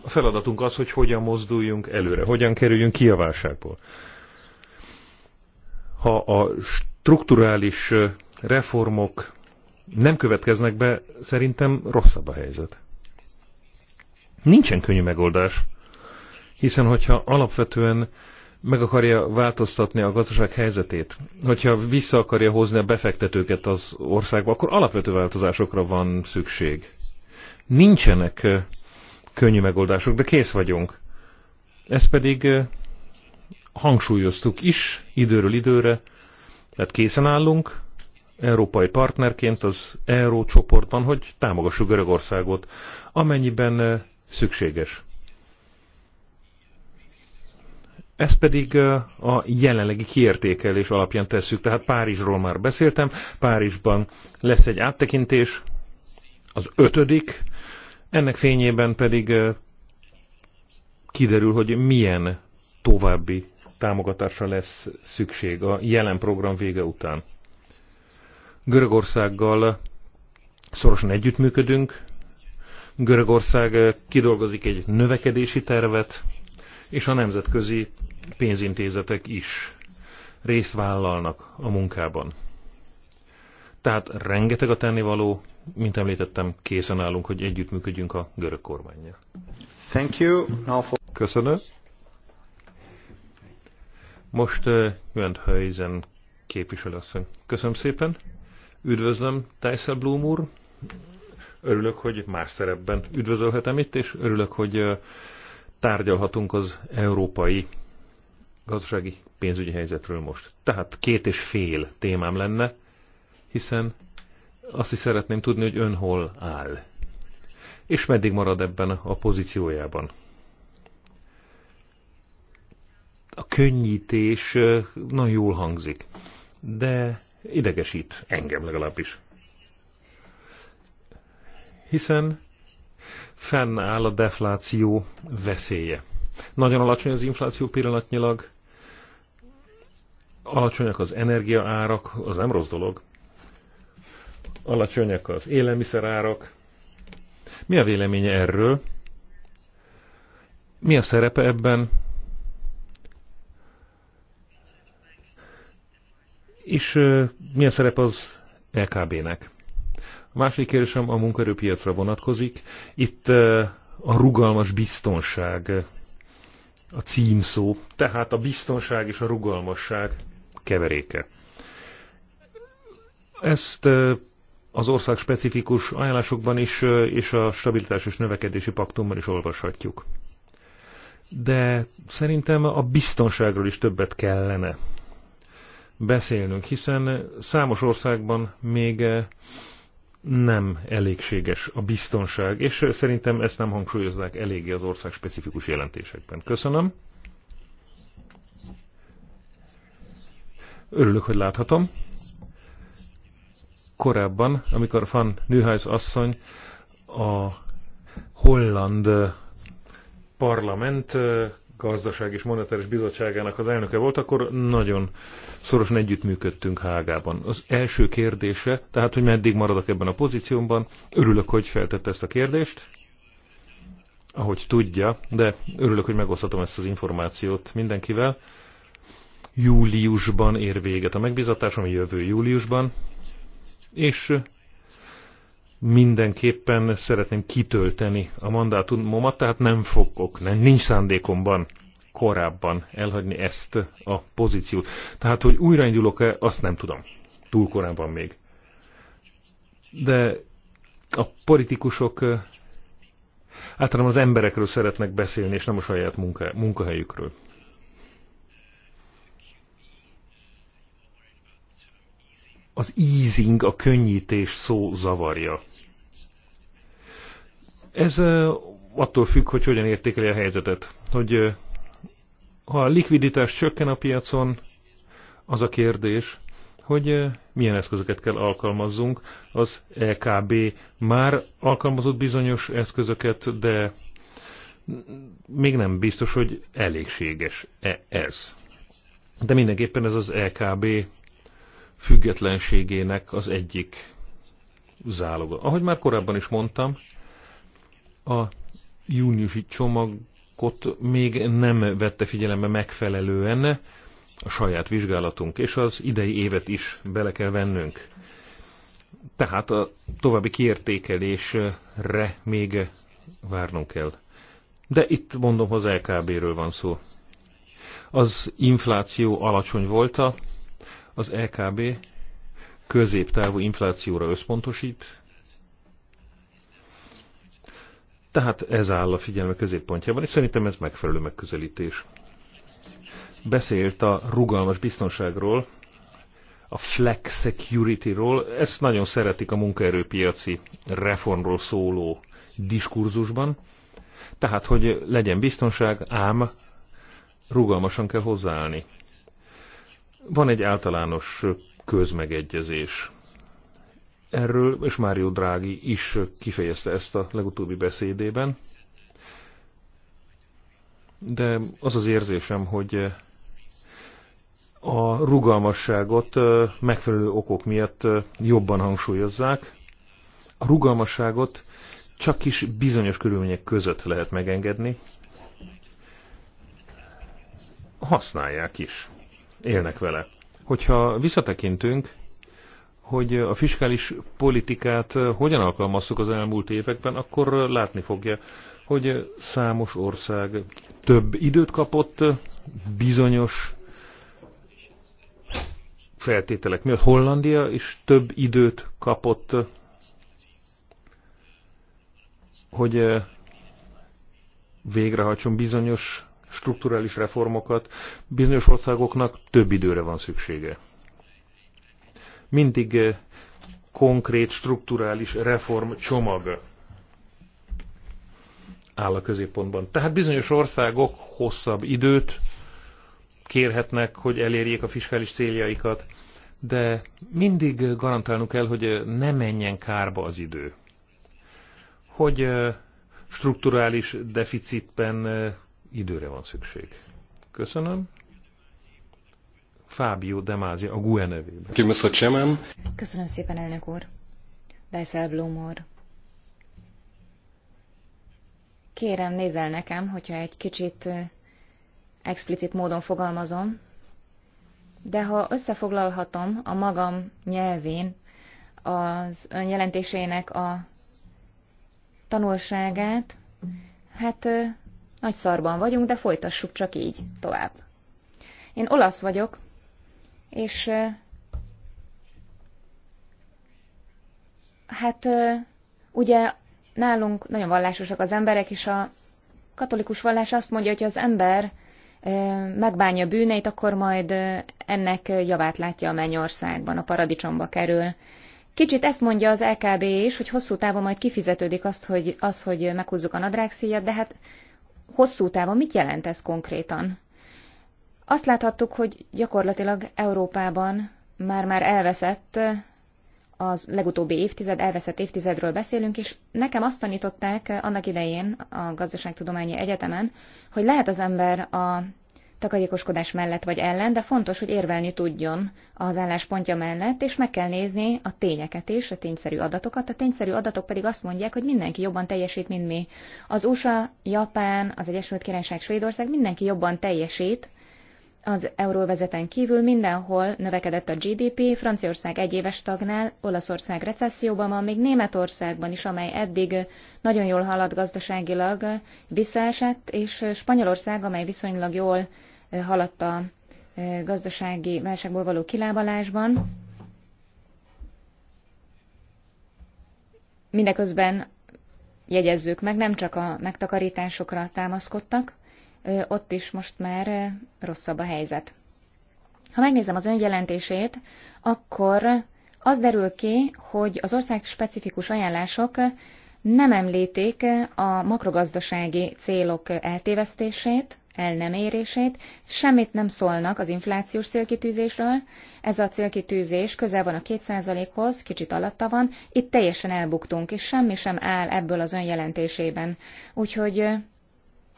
A feladatunk az, hogy hogyan mozduljunk előre, hogyan kerüljünk ki a válságból. Ha a strukturális reformok nem következnek be, szerintem rosszabb a helyzet. Nincsen könnyű megoldás, hiszen hogyha alapvetően meg akarja változtatni a gazdaság helyzetét, hogyha vissza akarja hozni a befektetőket az országba, akkor alapvető változásokra van szükség. Nincsenek könnyű megoldások, de kész vagyunk. Ezt pedig hangsúlyoztuk is időről időre, tehát készen állunk európai partnerként az Euró csoportban, hogy támogassuk Görögországot, amennyiben szükséges. Ezt pedig a jelenlegi kiértékelés alapján tesszük. Tehát Párizsról már beszéltem. Párizsban lesz egy áttekintés, az ötödik. Ennek fényében pedig kiderül, hogy milyen további támogatásra lesz szükség a jelen program vége után. Görögországgal szorosan együttműködünk. Görögország kidolgozik egy növekedési tervet, és a nemzetközi pénzintézetek is részt vállalnak a munkában. Tehát rengeteg a tennivaló, mint említettem, készen állunk, hogy együttműködjünk a görög kormányjal. Thank you. For... Köszönöm. Most uh, Jönt Höyzen képviselőasszony. Köszönöm szépen. Üdvözlöm Dijsselbloem úr. Örülök, hogy más szerepben üdvözölhetem itt, és örülök, hogy uh, tárgyalhatunk az európai gazdasági pénzügyi helyzetről most. Tehát két és fél témám lenne, hiszen azt is szeretném tudni, hogy ön hol áll. És meddig marad ebben a pozíciójában. A könnyítés nagyon jól hangzik, de idegesít engem legalábbis. Hiszen fennáll a defláció veszélye. Nagyon alacsony az infláció pillanatnyilag, alacsonyak az energiaárak, az nem rossz dolog, alacsonyak az élelmiszerárak. Mi a véleménye erről? Mi a szerepe ebben? És uh, mi a szerep az LKB-nek? A másik kérdésem a munkaerőpiacra vonatkozik. Itt eh, a rugalmas biztonság eh, a címszó, tehát a biztonság és a rugalmasság keveréke. Ezt eh, az ország specifikus ajánlásokban is, és a stabilitás és növekedési paktumban is olvashatjuk. De szerintem a biztonságról is többet kellene beszélnünk, hiszen számos országban még nem elégséges a biztonság, és szerintem ezt nem hangsúlyoznák eléggé az ország specifikus jelentésekben. Köszönöm. Örülök, hogy láthatom. Korábban, amikor Van Nőhájsz asszony a holland parlament gazdaság és monetáris bizottságának az elnöke volt, akkor nagyon szorosan együttműködtünk Hágában. Az első kérdése, tehát hogy meddig maradok ebben a pozíciómban, örülök, hogy feltette ezt a kérdést, ahogy tudja, de örülök, hogy megoszthatom ezt az információt mindenkivel. Júliusban ér véget a megbizatásom, jövő júliusban, és mindenképpen szeretném kitölteni a mandátumomat, tehát nem fogok, nem, nincs szándékomban korábban elhagyni ezt a pozíciót. Tehát, hogy újraindulok-e, azt nem tudom. Túl korán van még. De a politikusok eh, általában az emberekről szeretnek beszélni, és nem a saját munka, munkahelyükről. az easing, a könnyítés szó zavarja. Ez attól függ, hogy hogyan értékeli a helyzetet. Hogy ha a likviditás csökken a piacon, az a kérdés, hogy milyen eszközöket kell alkalmazzunk. Az EKB már alkalmazott bizonyos eszközöket, de még nem biztos, hogy elégséges -e ez. De mindenképpen ez az EKB függetlenségének az egyik záloga. Ahogy már korábban is mondtam, a júniusi csomagot még nem vette figyelembe megfelelően a saját vizsgálatunk, és az idei évet is bele kell vennünk. Tehát a további kiértékelésre még várnunk kell. De itt mondom, az LKB-ről van szó. Az infláció alacsony volt a az EKB középtávú inflációra összpontosít, tehát ez áll a figyelme középpontjában, és szerintem ez megfelelő megközelítés. Beszélt a rugalmas biztonságról, a flex security-ról, ezt nagyon szeretik a munkaerőpiaci reformról szóló diskurzusban, tehát, hogy legyen biztonság, ám rugalmasan kell hozzáállni. Van egy általános közmegegyezés erről, és Mário Drági is kifejezte ezt a legutóbbi beszédében. De az az érzésem, hogy a rugalmasságot megfelelő okok miatt jobban hangsúlyozzák. A rugalmasságot csak is bizonyos körülmények között lehet megengedni. Használják is élnek vele. Hogyha visszatekintünk, hogy a fiskális politikát eh, hogyan alkalmaztuk az elmúlt években, akkor eh, látni fogja, hogy eh, számos ország több időt kapott bizonyos feltételek miatt. Hollandia is több időt kapott, hogy végrehajtson bizonyos strukturális reformokat, bizonyos országoknak több időre van szüksége. Mindig eh, konkrét strukturális reform csomag áll a középpontban. Tehát bizonyos országok hosszabb időt kérhetnek, hogy elérjék a fiskális céljaikat, de mindig garantálnunk kell, hogy eh, ne menjen kárba az idő. Hogy eh, strukturális deficitben időre van szükség. Köszönöm. Fábio Demázi, a GUE nevében. Köszönöm szépen, elnök úr. Dijsselbloem Blumor. Kérem, nézel nekem, hogyha egy kicsit explicit módon fogalmazom, de ha összefoglalhatom a magam nyelvén az ön jelentésének a tanulságát, hát nagy szarban vagyunk, de folytassuk csak így tovább. Én olasz vagyok, és hát ugye nálunk nagyon vallásosak az emberek, és a katolikus vallás azt mondja, hogy az ember megbánja bűneit, akkor majd ennek javát látja a mennyországban, a paradicsomba kerül. Kicsit ezt mondja az LKB is, hogy hosszú távon majd kifizetődik azt, hogy, az, hogy meghúzzuk a nadrágszíjat, de hát hosszú távon mit jelent ez konkrétan? Azt láthattuk, hogy gyakorlatilag Európában már-már elveszett az legutóbbi évtized, elveszett évtizedről beszélünk, és nekem azt tanították annak idején a Gazdaságtudományi Egyetemen, hogy lehet az ember a takarékoskodás mellett vagy ellen, de fontos, hogy érvelni tudjon az álláspontja mellett, és meg kell nézni a tényeket és a tényszerű adatokat. A tényszerű adatok pedig azt mondják, hogy mindenki jobban teljesít, mint mi. Az USA, Japán, az Egyesült Királyság, Svédország mindenki jobban teljesít, az euróvezeten kívül mindenhol növekedett a GDP, Franciaország egyéves stagnál, Olaszország recesszióban van, még Németországban is, amely eddig nagyon jól haladt gazdaságilag, visszaesett, és Spanyolország, amely viszonylag jól haladt a e, gazdasági válságból való kilábalásban. Mindeközben jegyezzük meg, nem csak a megtakarításokra támaszkodtak, e, ott is most már e, rosszabb a helyzet. Ha megnézem az önjelentését, akkor az derül ki, hogy az ország specifikus ajánlások nem említik a makrogazdasági célok eltévesztését, el nem érését, semmit nem szólnak az inflációs célkitűzésről, ez a célkitűzés közel van a 2%-hoz, kicsit alatta van, itt teljesen elbuktunk, és semmi sem áll ebből az önjelentésében. Úgyhogy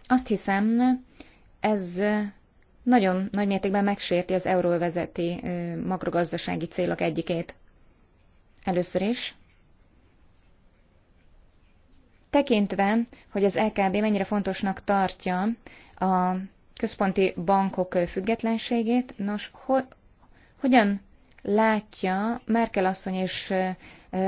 azt hiszem, ez nagyon nagy mértékben megsérti az euróvezeti makrogazdasági célok egyikét. Először is Tekintve, hogy az LKB mennyire fontosnak tartja a központi bankok függetlenségét. Nos, ho, hogyan látja Merkel asszony és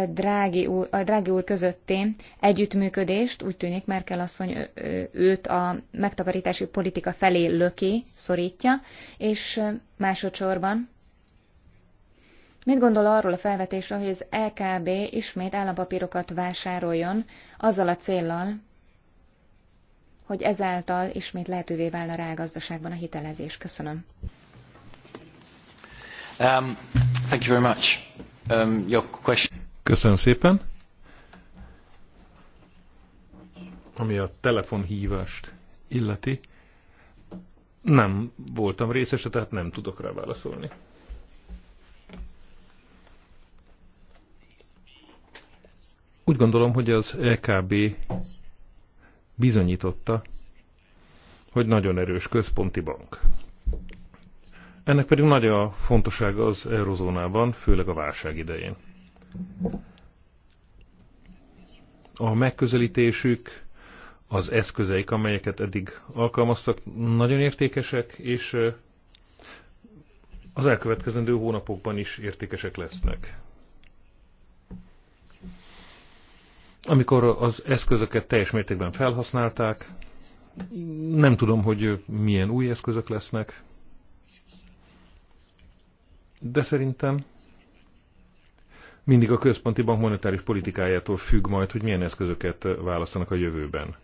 Drági úr, a Drági úr közötti együttműködést, úgy tűnik Merkel asszony őt a megtakarítási politika felé löki, szorítja, és másodszorban mit gondol arról a felvetésről, hogy az LKB ismét állampapírokat vásároljon azzal a céllal, hogy ezáltal ismét lehetővé válna rá a gazdaságban a hitelezés. Köszönöm. Um, thank you very much. Um, your question... Köszönöm szépen. Ami a telefonhívást illeti, nem voltam részese, tehát nem tudok rá válaszolni. Úgy gondolom, hogy az EKB bizonyította, hogy nagyon erős központi bank. Ennek pedig nagy a fontossága az eurozónában, főleg a válság idején. A megközelítésük, az eszközeik, amelyeket eddig alkalmaztak, nagyon értékesek, és az elkövetkezendő hónapokban is értékesek lesznek. amikor az eszközöket teljes mértékben felhasználták, nem tudom, hogy milyen új eszközök lesznek, de szerintem mindig a központi bank monetáris politikájától függ majd, hogy milyen eszközöket választanak a jövőben.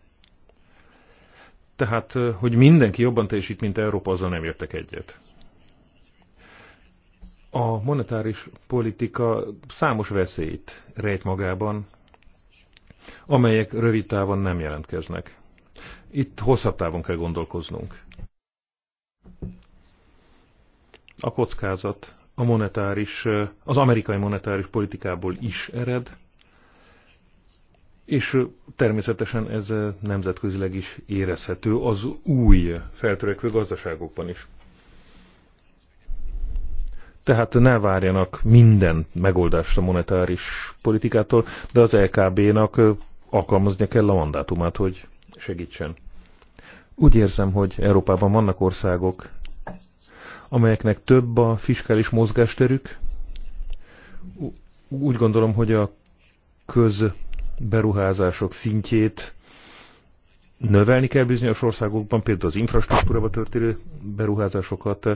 Tehát, hogy mindenki jobban teljesít, mint Európa, azzal nem értek egyet. A monetáris politika számos veszélyt rejt magában, amelyek rövid távon nem jelentkeznek. Itt hosszabb távon kell gondolkoznunk. A kockázat a monetáris, az amerikai monetáris politikából is ered, és természetesen ez nemzetközileg is érezhető az új feltörekvő gazdaságokban is. Tehát ne várjanak minden megoldást a monetáris politikától, de az LKB-nak alkalmaznia kell a mandátumát, hogy segítsen. Úgy érzem, hogy Európában vannak országok, amelyeknek több a fiskális mozgásterük. Úgy gondolom, hogy a közberuházások szintjét növelni kell bizonyos országokban, például az infrastruktúrába történő beruházásokat.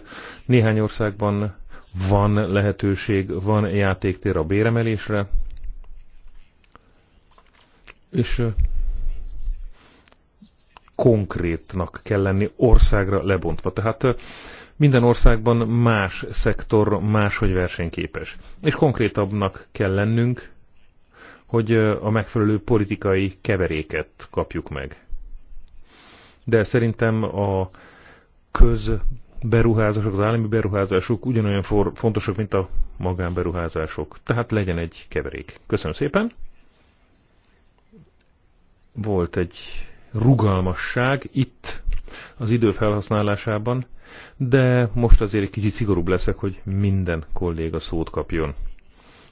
Néhány országban van lehetőség, van játéktér a béremelésre, és konkrétnak kell lenni országra lebontva. Tehát minden országban más szektor máshogy versenyképes. És konkrétabbnak kell lennünk, hogy a megfelelő politikai keveréket kapjuk meg. De szerintem a közberuházások, az állami beruházások ugyanolyan fontosak, mint a magánberuházások. Tehát legyen egy keverék. Köszönöm szépen! volt egy rugalmasság itt az idő felhasználásában, de most azért egy kicsit szigorúbb leszek, hogy minden kolléga szót kapjon.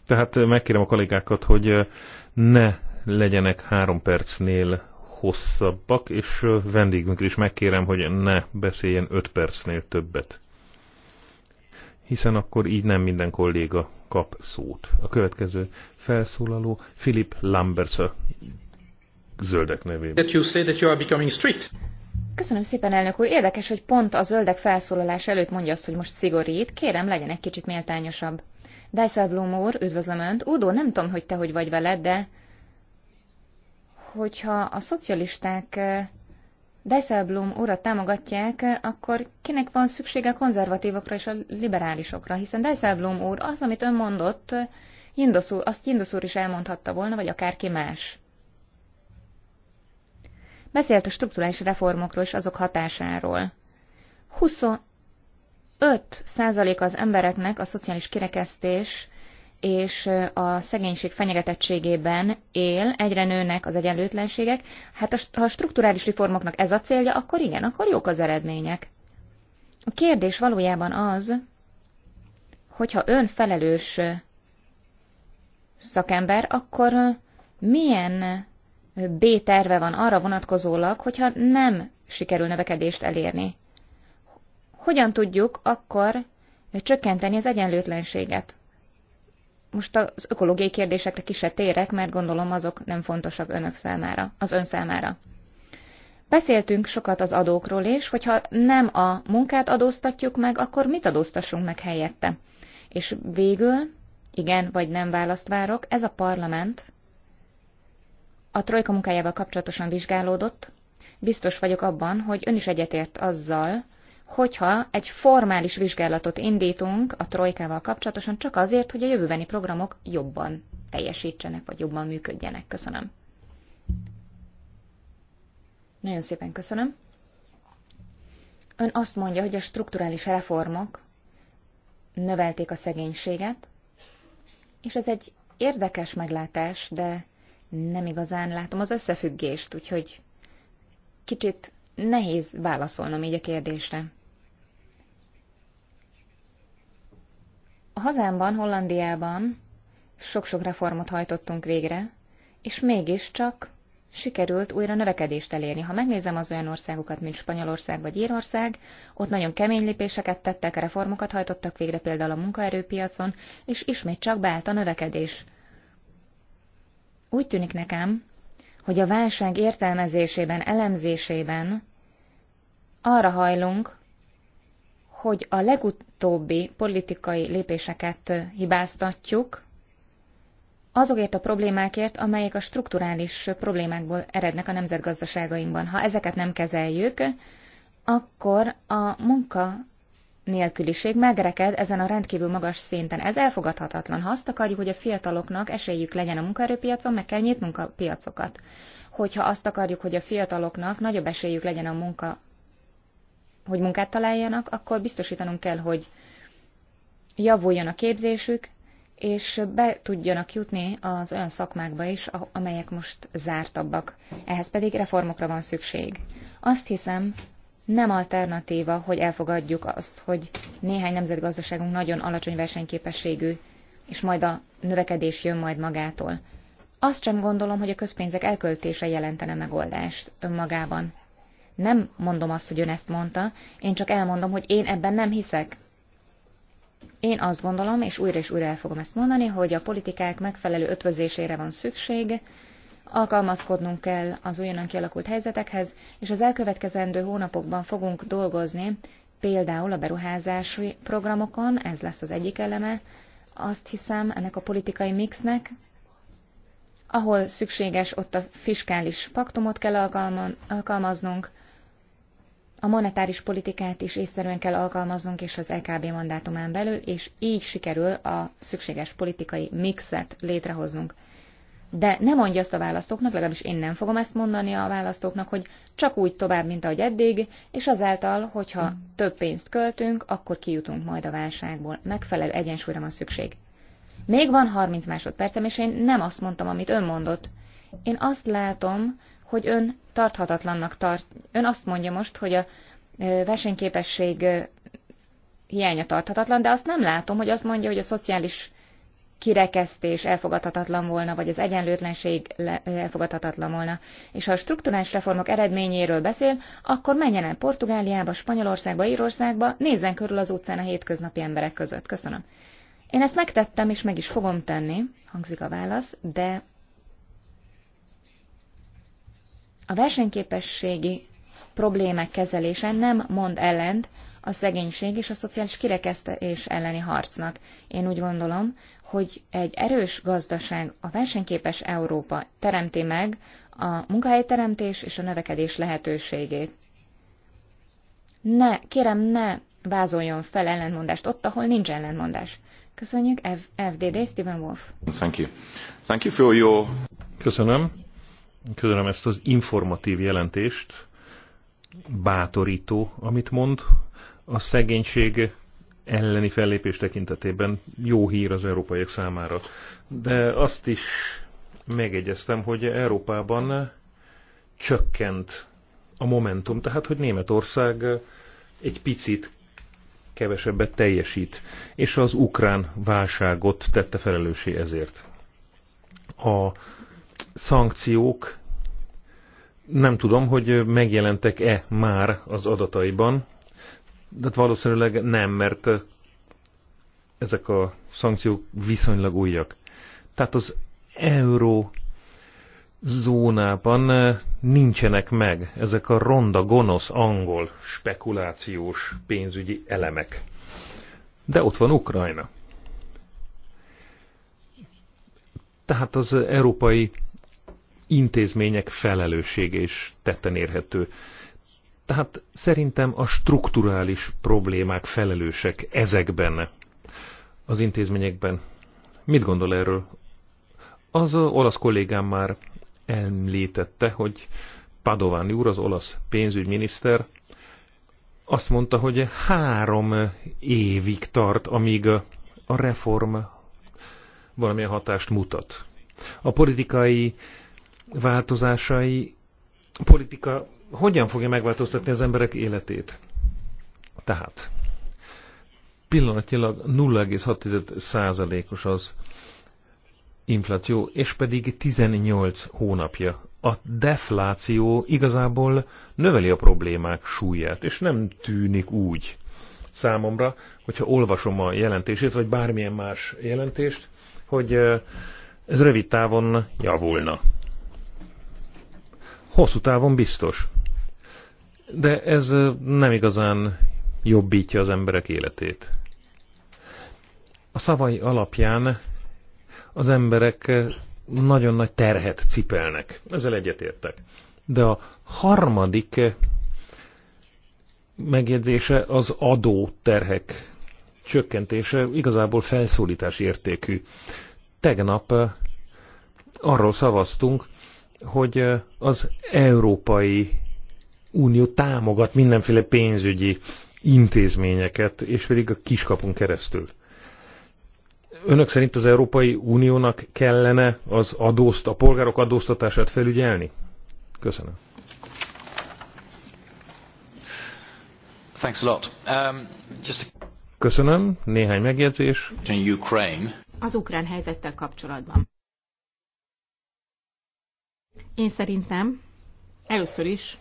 Tehát eh, megkérem a kollégákat, hogy eh, ne legyenek három percnél hosszabbak, és eh, vendégünkre is megkérem, hogy ne beszéljen öt percnél többet. Hiszen akkor így nem minden kolléga kap szót. A következő felszólaló Philip Lambertsa zöldek nevében. That you say that you are becoming strict. Köszönöm szépen, elnök úr. Érdekes, hogy pont a zöldek felszólalás előtt mondja azt, hogy most szigorít. Kérem, legyen egy kicsit méltányosabb. Dijsselbloem úr, üdvözlöm Önt. Udo, nem tudom, hogy te hogy vagy veled, de hogyha a szocialisták eh, Dijsselbloem urat támogatják, eh, akkor kinek van szüksége a konzervatívokra és a liberálisokra? Hiszen Dijsselbloem úr az, amit ön mondott, eh, Jindosz úr, azt Jindosz úr is elmondhatta volna, vagy akárki más. Beszélt a strukturális reformokról és azok hatásáról. 25 százalék az embereknek a szociális kirekesztés és a szegénység fenyegetettségében él, egyre nőnek az egyenlőtlenségek. Hát a, ha a strukturális reformoknak ez a célja, akkor igen, akkor jók az eredmények. A kérdés valójában az, hogyha ön felelős szakember, akkor milyen B terve van arra vonatkozólag, hogyha nem sikerül növekedést elérni. Hogyan tudjuk akkor csökkenteni az egyenlőtlenséget? Most az ökológiai kérdésekre ki se térek, mert gondolom azok nem fontosak önök számára, az ön számára. Beszéltünk sokat az adókról is, hogyha nem a munkát adóztatjuk meg, akkor mit adóztassunk meg helyette? És végül, igen vagy nem választ várok, ez a parlament a trojka munkájával kapcsolatosan vizsgálódott, biztos vagyok abban, hogy ön is egyetért azzal, hogyha egy formális vizsgálatot indítunk a trojkával kapcsolatosan csak azért, hogy a jövőbeni programok jobban teljesítsenek, vagy jobban működjenek. Köszönöm. Nagyon szépen köszönöm. Ön azt mondja, hogy a strukturális reformok növelték a szegénységet, és ez egy érdekes meglátás, de nem igazán látom az összefüggést, úgyhogy kicsit nehéz válaszolnom így a kérdésre. A hazámban, Hollandiában sok-sok reformot hajtottunk végre, és mégiscsak sikerült újra növekedést elérni. Ha megnézem az olyan országokat, mint Spanyolország vagy Írország, ott nagyon kemény lépéseket tettek, reformokat hajtottak végre például a munkaerőpiacon, és ismét csak beállt a növekedés. Úgy tűnik nekem, hogy a válság értelmezésében, elemzésében arra hajlunk, hogy a legutóbbi politikai lépéseket hibáztatjuk, azokért a problémákért, amelyek a strukturális problémákból erednek a nemzetgazdaságainkban. Ha ezeket nem kezeljük, akkor a munka nélküliség megreked ezen a rendkívül magas szinten. Ez elfogadhatatlan. Ha azt akarjuk, hogy a fiataloknak esélyük legyen a munkaerőpiacon, meg kell nyitnunk a piacokat. Hogyha azt akarjuk, hogy a fiataloknak nagyobb esélyük legyen a munka, hogy munkát találjanak, akkor biztosítanunk kell, hogy javuljon a képzésük, és be tudjanak jutni az olyan szakmákba is, amelyek most zártabbak. Ehhez pedig reformokra van szükség. Azt hiszem, nem alternatíva, hogy elfogadjuk azt, hogy néhány nemzetgazdaságunk nagyon alacsony versenyképességű, és majd a növekedés jön majd magától. Azt sem gondolom, hogy a közpénzek elköltése jelentene megoldást önmagában. Nem mondom azt, hogy ön ezt mondta, én csak elmondom, hogy én ebben nem hiszek. Én azt gondolom, és újra és újra el fogom ezt mondani, hogy a politikák megfelelő ötvözésére van szükség, Alkalmazkodnunk kell az újonnan kialakult helyzetekhez, és az elkövetkezendő hónapokban fogunk dolgozni, például a beruházási programokon, ez lesz az egyik eleme, azt hiszem ennek a politikai mixnek, ahol szükséges, ott a fiskális paktumot kell alkalmaznunk, a monetáris politikát is észszerűen kell alkalmaznunk, és az LKB mandátumán belül, és így sikerül a szükséges politikai mixet létrehoznunk de ne mondja azt a választóknak, legalábbis én nem fogom ezt mondani a választóknak, hogy csak úgy tovább, mint ahogy eddig, és azáltal, hogyha hmm. több pénzt költünk, akkor kijutunk majd a válságból. Megfelelő egyensúlyra van szükség. Még van 30 másodpercem, és én nem azt mondtam, amit ön mondott. Én azt látom, hogy ön tarthatatlannak tart. Ön azt mondja most, hogy a versenyképesség hiánya tarthatatlan, de azt nem látom, hogy azt mondja, hogy a szociális kirekesztés elfogadhatatlan volna, vagy az egyenlőtlenség elfogadhatatlan volna. És ha a strukturális reformok eredményéről beszél, akkor menjen el Portugáliába, Spanyolországba, Írországba, nézzen körül az utcán a hétköznapi emberek között. Köszönöm. Én ezt megtettem, és meg is fogom tenni, hangzik a válasz, de a versenyképességi problémák kezelése nem mond ellent a szegénység és a szociális kirekesztés elleni harcnak. Én úgy gondolom, hogy egy erős gazdaság, a versenyképes Európa teremti meg a munkahelyteremtés és a növekedés lehetőségét. Ne, kérem, ne vázoljon fel ellentmondást ott, ahol nincs ellentmondás. Köszönjük, F FDD, Stephen Wolf. Thank you. Thank you for your... Köszönöm. Köszönöm ezt az informatív jelentést. Bátorító, amit mond. A szegénység elleni fellépés tekintetében jó hír az európaiak számára. De azt is megegyeztem, hogy Európában csökkent a momentum, tehát hogy Németország egy picit kevesebbet teljesít, és az ukrán válságot tette felelősé ezért. A szankciók nem tudom, hogy megjelentek-e már az adataiban, de hát valószínűleg nem, mert ezek a szankciók viszonylag újak. Tehát az euró zónában nincsenek meg ezek a ronda, gonosz, angol, spekulációs pénzügyi elemek. De ott van Ukrajna. Tehát az európai intézmények felelőssége is tetten érhető. Tehát szerintem a strukturális problémák felelősek ezekben az intézményekben. Mit gondol erről? Az olasz kollégám már említette, hogy Padováni úr, az olasz pénzügyminiszter, azt mondta, hogy három évig tart, amíg a reform valamilyen hatást mutat. A politikai változásai, politika hogyan fogja megváltoztatni az emberek életét. Tehát pillanatnyilag 0,6%-os az infláció, és pedig 18 hónapja. A defláció igazából növeli a problémák súlyát, és nem tűnik úgy számomra, hogyha olvasom a jelentését, vagy bármilyen más jelentést, hogy ez rövid távon javulna. Hosszú távon biztos de ez nem igazán jobbítja az emberek életét. A szavai alapján az emberek nagyon nagy terhet cipelnek. Ezzel egyetértek. De a harmadik megjegyzése az adó terhek csökkentése igazából felszólítás értékű. Tegnap arról szavaztunk, hogy az európai Unió támogat mindenféle pénzügyi intézményeket, és pedig a kiskapun keresztül. Önök szerint az Európai Uniónak kellene az adózt, a polgárok adóztatását felügyelni? Köszönöm. Thanks a lot. Um, just a... Köszönöm. Néhány megjegyzés. Ukraine. Az ukrán helyzettel kapcsolatban. Én szerintem először is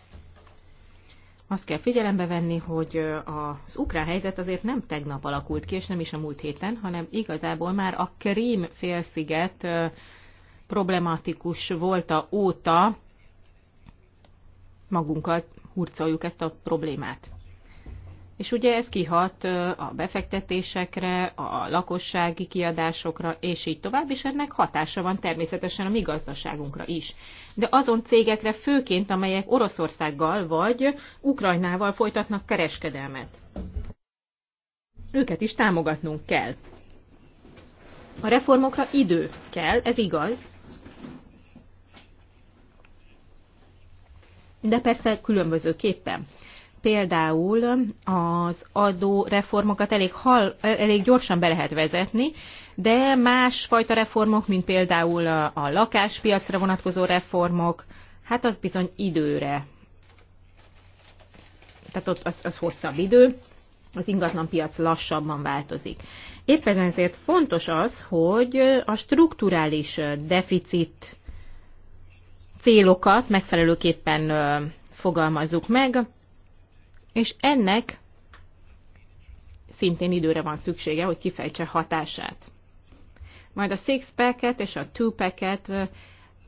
azt kell figyelembe venni, hogy az ukrán helyzet azért nem tegnap alakult ki, és nem is a múlt héten, hanem igazából már a Krím félsziget problematikus volta óta magunkat hurcoljuk ezt a problémát és ugye ez kihat a befektetésekre, a lakossági kiadásokra, és így tovább, és ennek hatása van természetesen a mi gazdaságunkra is. De azon cégekre főként, amelyek Oroszországgal vagy Ukrajnával folytatnak kereskedelmet. Őket is támogatnunk kell. A reformokra idő kell, ez igaz, de persze különbözőképpen például az adó reformokat elég, hal, elég gyorsan be lehet vezetni, de más fajta reformok, mint például a lakáspiacra vonatkozó reformok, hát az bizony időre. Tehát ott az, az hosszabb idő, az piac lassabban változik. Éppen ezért fontos az, hogy a strukturális deficit célokat megfelelőképpen fogalmazzuk meg, és ennek szintén időre van szüksége, hogy kifejtse hatását. Majd a six-packet és a two-packet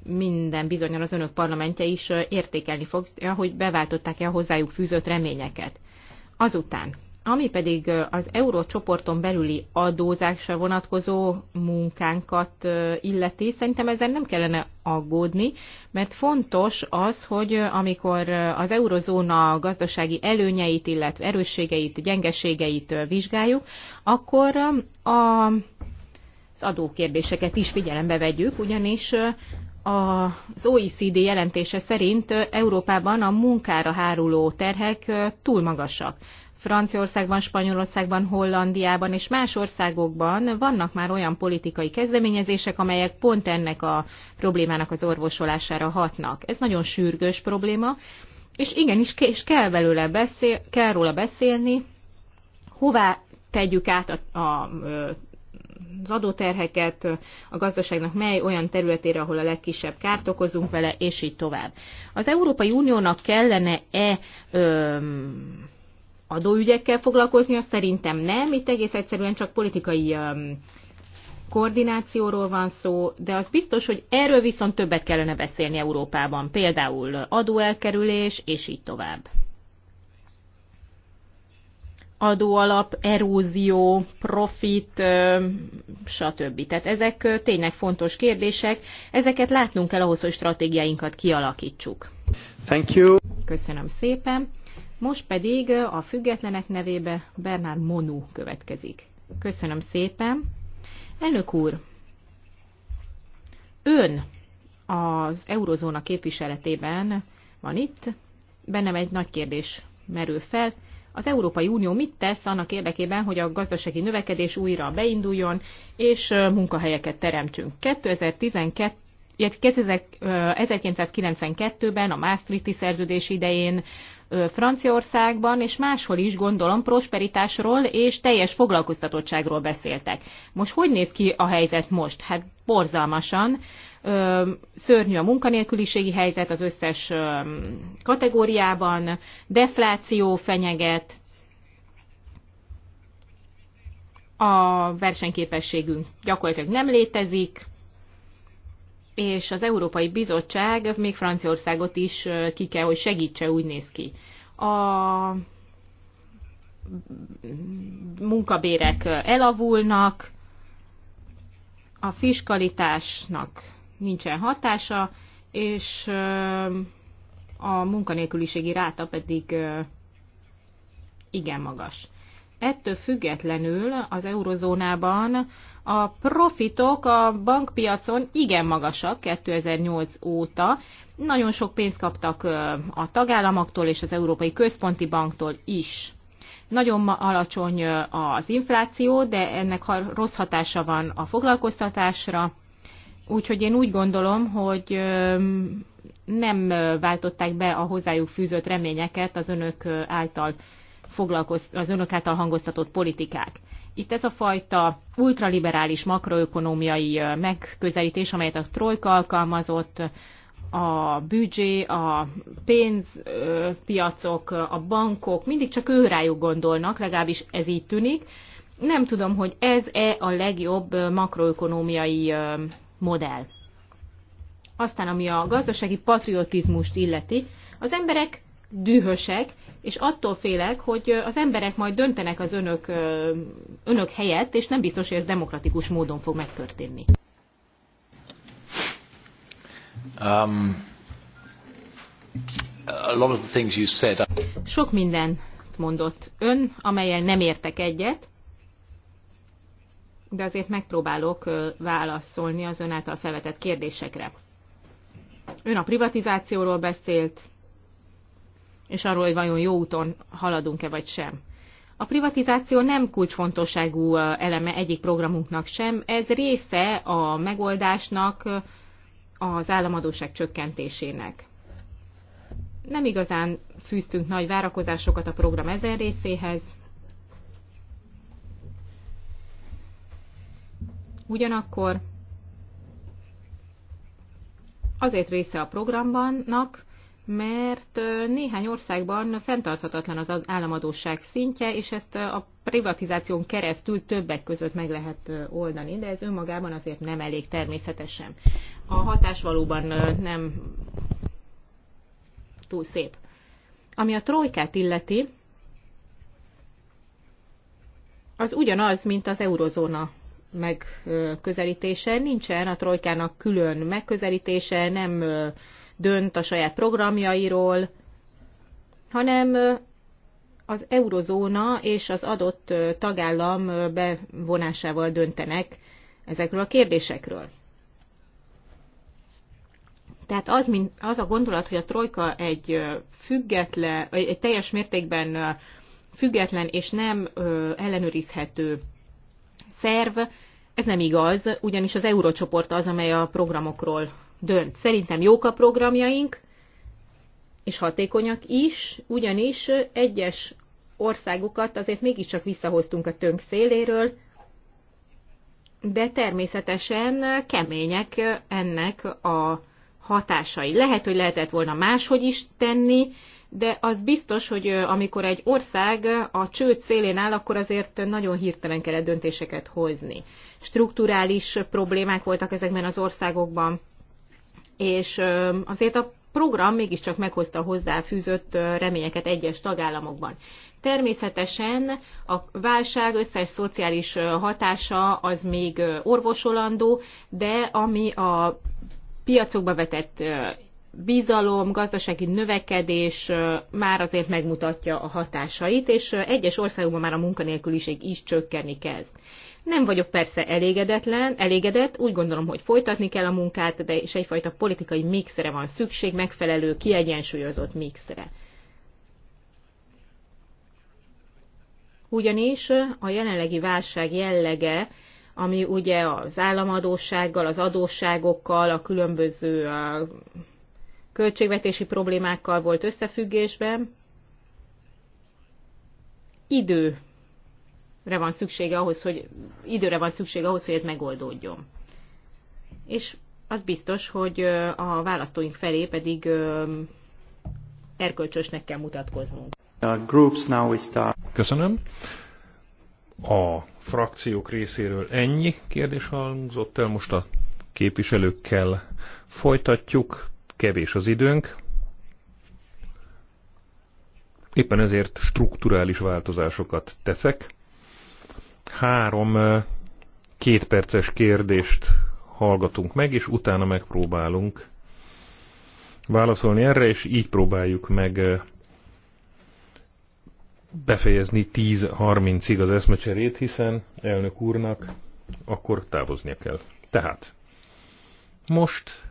minden bizonyan az önök parlamentje is értékelni fogja, hogy beváltották-e a hozzájuk fűzött reményeket. Azután ami pedig az eurócsoporton belüli adózásra vonatkozó munkánkat illeti, szerintem ezzel nem kellene aggódni, mert fontos az, hogy amikor az eurozóna gazdasági előnyeit, illetve erősségeit, gyengeségeit vizsgáljuk, akkor a az adókérdéseket is figyelembe vegyük, ugyanis az OECD jelentése szerint Európában a munkára háruló terhek túl magasak. Franciaországban, Spanyolországban, Hollandiában és más országokban vannak már olyan politikai kezdeményezések, amelyek pont ennek a problémának az orvosolására hatnak. Ez nagyon sürgős probléma, és igenis, és kell, belőle beszél, kell róla beszélni, hová tegyük át a, a, az adóterheket a gazdaságnak mely olyan területére, ahol a legkisebb kárt okozunk vele, és így tovább. Az Európai Uniónak kellene-e adóügyekkel foglalkoznia, szerintem nem, itt egész egyszerűen csak politikai koordinációról van szó, de az biztos, hogy erről viszont többet kellene beszélni Európában, például adóelkerülés, és így tovább. Adóalap, erózió, profit, stb. Tehát ezek tényleg fontos kérdések, ezeket látnunk kell ahhoz, hogy stratégiáinkat kialakítsuk. Thank you. Köszönöm szépen. Most pedig a függetlenek nevébe Bernard Monu következik. Köszönöm szépen. Elnök úr, ön az eurozóna képviseletében van itt, bennem egy nagy kérdés merül fel. Az Európai Unió mit tesz annak érdekében, hogy a gazdasági növekedés újra beinduljon, és munkahelyeket teremtsünk? 2012 1992-ben a Maastrichti szerződés idején Franciaországban és máshol is gondolom prosperitásról és teljes foglalkoztatottságról beszéltek. Most hogy néz ki a helyzet most? Hát borzalmasan. Szörnyű a munkanélküliségi helyzet az összes kategóriában, defláció fenyeget, a versenyképességünk gyakorlatilag nem létezik, és az Európai Bizottság még Franciaországot is ki kell, hogy segítse, úgy néz ki. A munkabérek elavulnak, a fiskalitásnak nincsen hatása, és a munkanélküliségi ráta pedig igen magas. Ettől függetlenül az eurozónában a profitok a bankpiacon igen magasak 2008 óta. Nagyon sok pénzt kaptak a tagállamoktól és az Európai Központi Banktól is. Nagyon alacsony az infláció, de ennek rossz hatása van a foglalkoztatásra. Úgyhogy én úgy gondolom, hogy nem váltották be a hozzájuk fűzött reményeket az önök által az önök által hangoztatott politikák. Itt ez a fajta ultraliberális makroökonomiai megközelítés, amelyet a Trojka alkalmazott, a büdzsé, a pénzpiacok, a bankok, mindig csak ő rájuk gondolnak, legalábbis ez így tűnik. Nem tudom, hogy ez-e a legjobb makroökonómiai modell. Aztán, ami a gazdasági patriotizmust illeti, az emberek dühösek, és attól félek, hogy az emberek majd döntenek az önök, önök helyett, és nem biztos, hogy ez demokratikus módon fog megtörténni. Um, a lot of the things you said. Uh, Sok minden mondott ön, amelyel nem értek egyet, de azért megpróbálok válaszolni az ön által felvetett kérdésekre. Ön a privatizációról beszélt, és arról, hogy vajon jó úton haladunk-e vagy sem. A privatizáció nem kulcsfontosságú eleme egyik programunknak sem, ez része a megoldásnak, az államadóság csökkentésének. Nem igazán fűztünk nagy várakozásokat a program ezen részéhez, Ugyanakkor azért része a programbannak, mert néhány országban fenntarthatatlan az államadóság szintje, és ezt a privatizáción keresztül többek között meg lehet oldani, de ez önmagában azért nem elég természetesen. A hatás valóban nem túl szép. Ami a trojkát illeti, az ugyanaz, mint az eurozóna megközelítése. Nincsen a trojkának külön megközelítése, nem dönt a saját programjairól, hanem az eurozóna és az adott tagállam bevonásával döntenek ezekről a kérdésekről. Tehát az, mint, az a gondolat, hogy a trojka egy független, egy teljes mértékben független és nem ellenőrizhető szerv, ez nem igaz, ugyanis az eurócsoport az, amely a programokról dönt. Szerintem jók a programjaink, és hatékonyak is, ugyanis egyes országokat azért mégiscsak visszahoztunk a tönk széléről, de természetesen kemények ennek a hatásai. Lehet, hogy lehetett volna máshogy is tenni, de az biztos, hogy amikor egy ország a csőd szélén áll, akkor azért nagyon hirtelen kellett döntéseket hozni. Strukturális problémák voltak ezekben az országokban, és azért a program mégiscsak meghozta hozzá fűzött reményeket egyes tagállamokban. Természetesen a válság összes szociális hatása az még orvosolandó, de ami a piacokba vetett bizalom, gazdasági növekedés már azért megmutatja a hatásait, és egyes országokban már a munkanélküliség is csökkenni kezd. Nem vagyok persze elégedetlen, elégedett, úgy gondolom, hogy folytatni kell a munkát, de és egyfajta politikai mixre van szükség, megfelelő, kiegyensúlyozott mixre. Ugyanis a jelenlegi válság jellege, ami ugye az államadósággal, az adósságokkal, a különböző költségvetési problémákkal volt összefüggésben, idő van szüksége ahhoz, hogy időre van szüksége ahhoz, hogy ez megoldódjon. És az biztos, hogy a választóink felé pedig erkölcsösnek kell mutatkoznunk. Köszönöm. A frakciók részéről ennyi kérdés hangzott el, most a képviselőkkel folytatjuk, kevés az időnk. Éppen ezért strukturális változásokat teszek három kétperces kérdést hallgatunk meg, és utána megpróbálunk válaszolni erre, és így próbáljuk meg befejezni 10.30-ig az eszmecserét, hiszen elnök úrnak akkor távoznia kell. Tehát most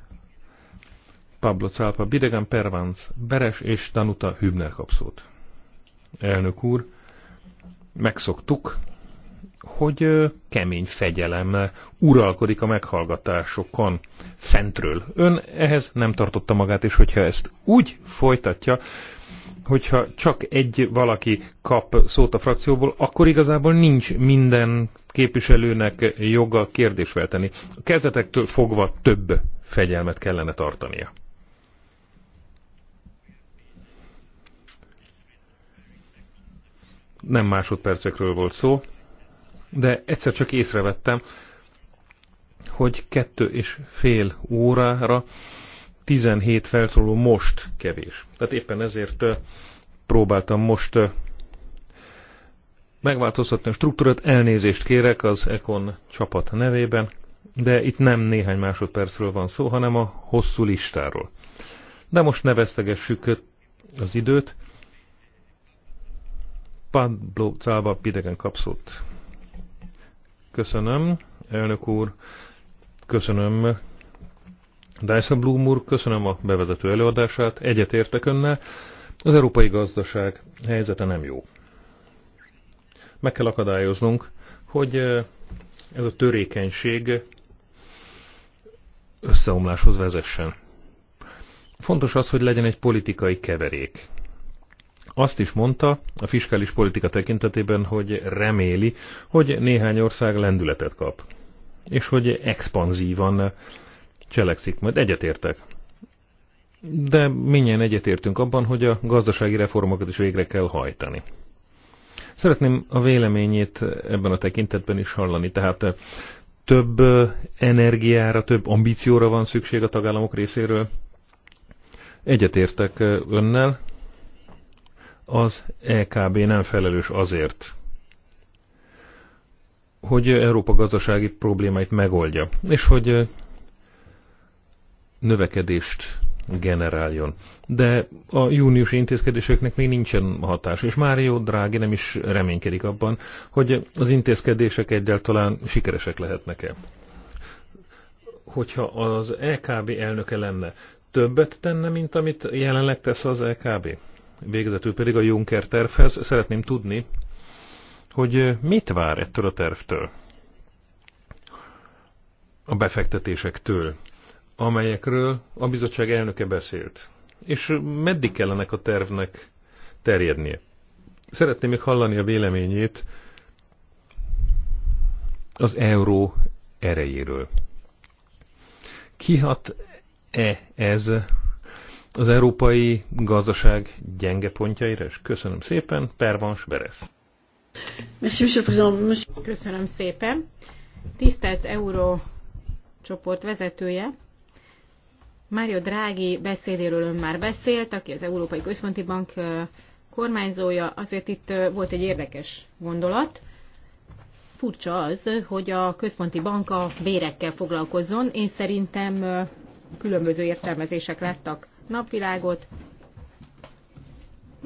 Pablo Cálpa, Bidegan Pervánc, Beres és Tanuta Hübner kapszót. Elnök úr, megszoktuk, hogy kemény fegyelem uralkodik a meghallgatásokon fentről. Ön ehhez nem tartotta magát, és hogyha ezt úgy folytatja, hogyha csak egy valaki kap szót a frakcióból, akkor igazából nincs minden képviselőnek joga kérdés feltenni. A kezdetektől fogva több fegyelmet kellene tartania. Nem másodpercekről volt szó, de egyszer csak észrevettem, hogy kettő és fél órára 17 felszóló most kevés. Tehát éppen ezért próbáltam most megváltoztatni a struktúrát, elnézést kérek az Econ csapat nevében, de itt nem néhány másodpercről van szó, hanem a hosszú listáról. De most ne vesztegessük az időt. Pablo Cába Pidegen kapszott. Köszönöm, elnök úr. Köszönöm, Dyson Bloom úr, köszönöm a bevezető előadását. Egyetértek önnel. Az európai gazdaság helyzete nem jó. Meg kell akadályoznunk, hogy eh, ez a törékenység összeomláshoz vezessen. Fontos az, hogy legyen egy politikai keverék azt is mondta a fiskális politika tekintetében, hogy reméli, hogy néhány ország lendületet kap, és hogy expanzívan cselekszik. Majd egyetértek. De minnyien egyetértünk abban, hogy a gazdasági reformokat is végre kell hajtani. Szeretném a véleményét ebben a tekintetben is hallani. Tehát több energiára, több ambícióra van szükség a tagállamok részéről. Egyetértek önnel, az EKB nem felelős azért, hogy Európa gazdasági problémáit megoldja, és hogy növekedést generáljon. De a júniusi intézkedéseknek még nincsen hatás, és Mário Drági nem is reménykedik abban, hogy az intézkedések egyáltalán sikeresek lehetnek-e. Hogyha az EKB elnöke lenne, többet tenne, mint amit jelenleg tesz az EKB? Végezetül pedig a Juncker tervhez szeretném tudni, hogy eh, mit vár ettől a tervtől, a befektetésektől, amelyekről a bizottság elnöke beszélt, és eh, meddig kellene a tervnek terjednie. Szeretném még hallani a véleményét az euró erejéről. Kihat-e ez az európai gazdaság gyenge pontjaira, és köszönöm szépen, Pervans Beresz. Köszönöm szépen. Tisztelt Euró csoport vezetője, Mário Drági beszédéről ön már beszélt, aki az Európai Központi Bank kormányzója, azért itt volt egy érdekes gondolat. Furcsa az, hogy a központi bank a bérekkel foglalkozzon. Én szerintem különböző értelmezések láttak napvilágot.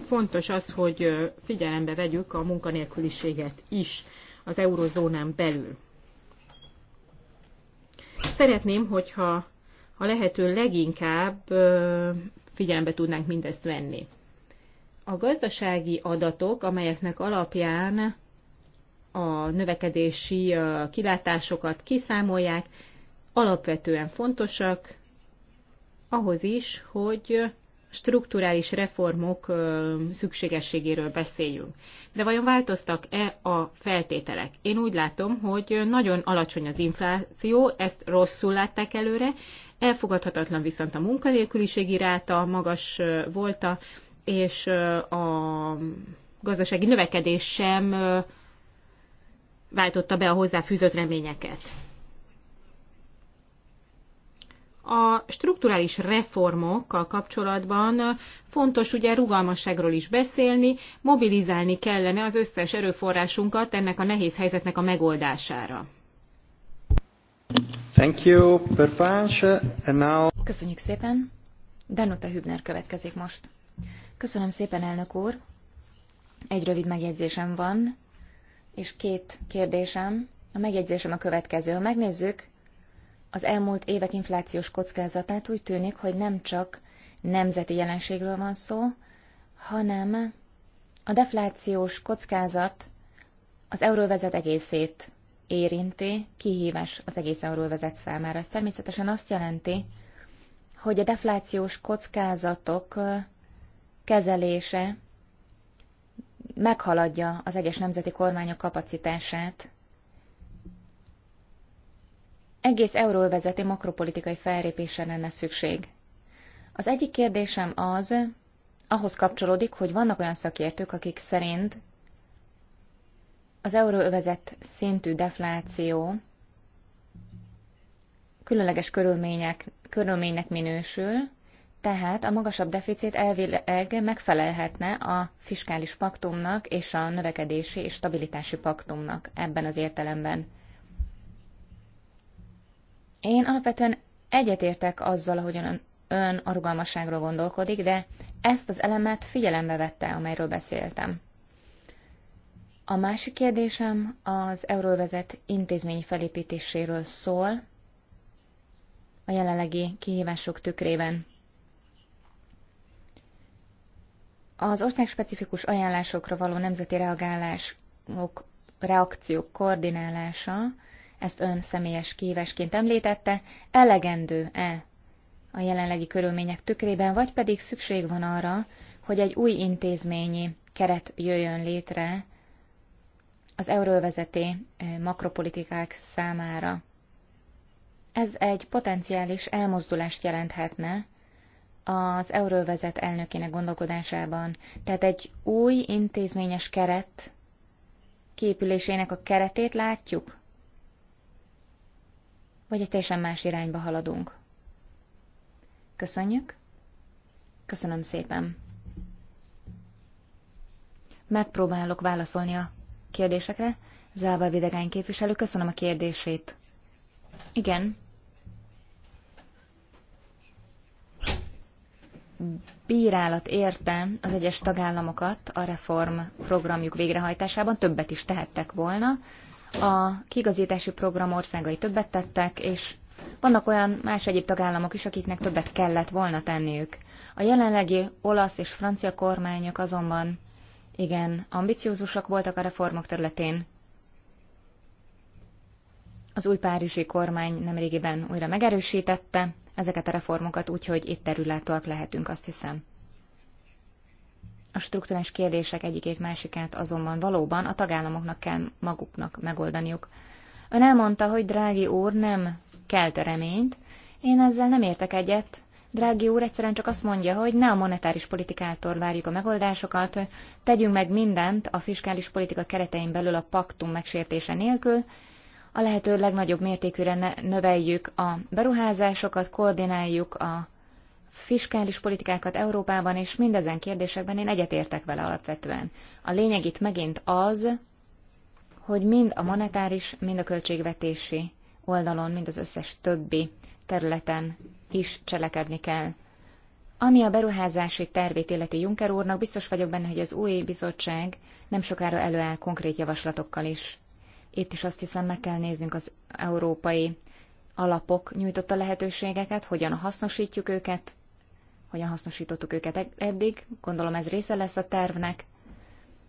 Fontos az, hogy figyelembe vegyük a munkanélküliséget is az eurozónán belül. Szeretném, hogyha a lehető leginkább figyelembe tudnánk mindezt venni. A gazdasági adatok, amelyeknek alapján a növekedési kilátásokat kiszámolják, alapvetően fontosak, ahhoz is, hogy strukturális reformok szükségességéről beszéljünk. De vajon változtak-e a feltételek? Én úgy látom, hogy nagyon alacsony az infláció, ezt rosszul látták előre, elfogadhatatlan viszont a munkanélküliségi ráta magas volt, és a gazdasági növekedés sem váltotta be a hozzáfűzött reményeket a strukturális reformokkal kapcsolatban fontos ugye rugalmasságról is beszélni, mobilizálni kellene az összes erőforrásunkat ennek a nehéz helyzetnek a megoldására. Thank you, And now... Köszönjük szépen. Danuta Hübner következik most. Köszönöm szépen, elnök úr. Egy rövid megjegyzésem van, és két kérdésem. A megjegyzésem a következő. Ha megnézzük, az elmúlt évek inflációs kockázatát úgy tűnik, hogy nem csak nemzeti jelenségről van szó, hanem a deflációs kockázat az euróvezet egészét érinti, kihívás az egész euróvezet számára. Ez természetesen azt jelenti, hogy a deflációs kockázatok kezelése meghaladja az egyes nemzeti kormányok kapacitását egész euróvezeti makropolitikai felrépésre lenne szükség. Az egyik kérdésem az, ahhoz kapcsolódik, hogy vannak olyan szakértők, akik szerint az euróövezet szintű defláció különleges körülmények, körülménynek minősül, tehát a magasabb deficit elvileg megfelelhetne a fiskális paktumnak és a növekedési és stabilitási paktumnak ebben az értelemben. Én alapvetően egyetértek azzal, ahogyan ön, arugalmasságról gondolkodik, de ezt az elemet figyelembe vette, amelyről beszéltem. A másik kérdésem az Euróvezet intézmény felépítéséről szól, a jelenlegi kihívások tükrében. Az országspecifikus ajánlásokra való nemzeti reagálások, reakciók koordinálása ezt ön személyes kévesként említette, elegendő-e a jelenlegi körülmények tükrében, vagy pedig szükség van arra, hogy egy új intézményi keret jöjjön létre az euróvezeté, eh, makropolitikák számára. Ez egy potenciális elmozdulást jelenthetne az euróvezet elnökének gondolkodásában. Tehát egy új intézményes keret képülésének a keretét látjuk? vagy egy teljesen más irányba haladunk. Köszönjük. Köszönöm szépen. Megpróbálok válaszolni a kérdésekre. Zába Videgány képviselő, köszönöm a kérdését. Igen. Bírálat érte az egyes tagállamokat a reform programjuk végrehajtásában, többet is tehettek volna, a kigazítási program országai többet tettek, és vannak olyan más egyéb tagállamok is, akiknek többet kellett volna tenniük. A jelenlegi olasz és francia kormányok azonban igen, ambiciózusak voltak a reformok területén. Az új párizsi kormány nemrégiben újra megerősítette ezeket a reformokat, úgyhogy itt területűek lehetünk, azt hiszem. A strukturális kérdések egyikét másikát azonban valóban a tagállamoknak kell maguknak megoldaniuk. Ön elmondta, hogy drági úr nem kelt reményt, én ezzel nem értek egyet. Drági úr egyszerűen csak azt mondja, hogy ne a monetáris politikától várjuk a megoldásokat, tegyünk meg mindent a fiskális politika keretein belül a paktum megsértése nélkül, a lehető legnagyobb mértékűre növeljük a beruházásokat, koordináljuk a fiskális politikákat Európában, és mindezen kérdésekben én egyetértek vele alapvetően. A lényeg itt megint az, hogy mind a monetáris, mind a költségvetési oldalon, mind az összes többi területen is cselekedni kell. Ami a beruházási tervét illeti Juncker úrnak, biztos vagyok benne, hogy az új bizottság nem sokára előáll konkrét javaslatokkal is. Itt is azt hiszem meg kell néznünk az európai alapok nyújtotta lehetőségeket, hogyan hasznosítjuk őket, hogyan hasznosítottuk őket eddig, gondolom ez része lesz a tervnek.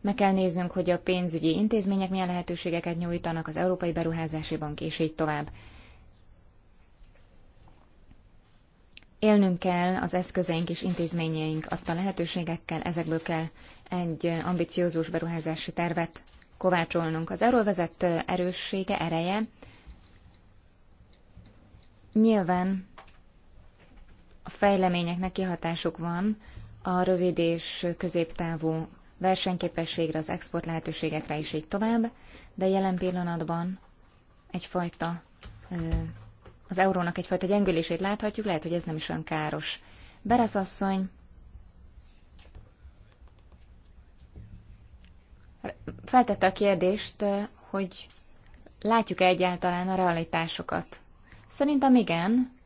Meg kell néznünk, hogy a pénzügyi intézmények milyen lehetőségeket nyújtanak, az Európai Beruházási Bank és így tovább. Élnünk kell az eszközeink és intézményeink adta lehetőségekkel, ezekből kell egy ambiciózus beruházási tervet kovácsolnunk. Az euróvezet erőssége, ereje nyilván a fejleményeknek kihatásuk van a rövid és középtávú versenyképességre, az export lehetőségekre is így tovább, de jelen pillanatban egyfajta, az eurónak egyfajta gyengülését láthatjuk, lehet, hogy ez nem is olyan káros. Beresz asszony feltette a kérdést, hogy látjuk-e egyáltalán a realitásokat. Szerintem igen,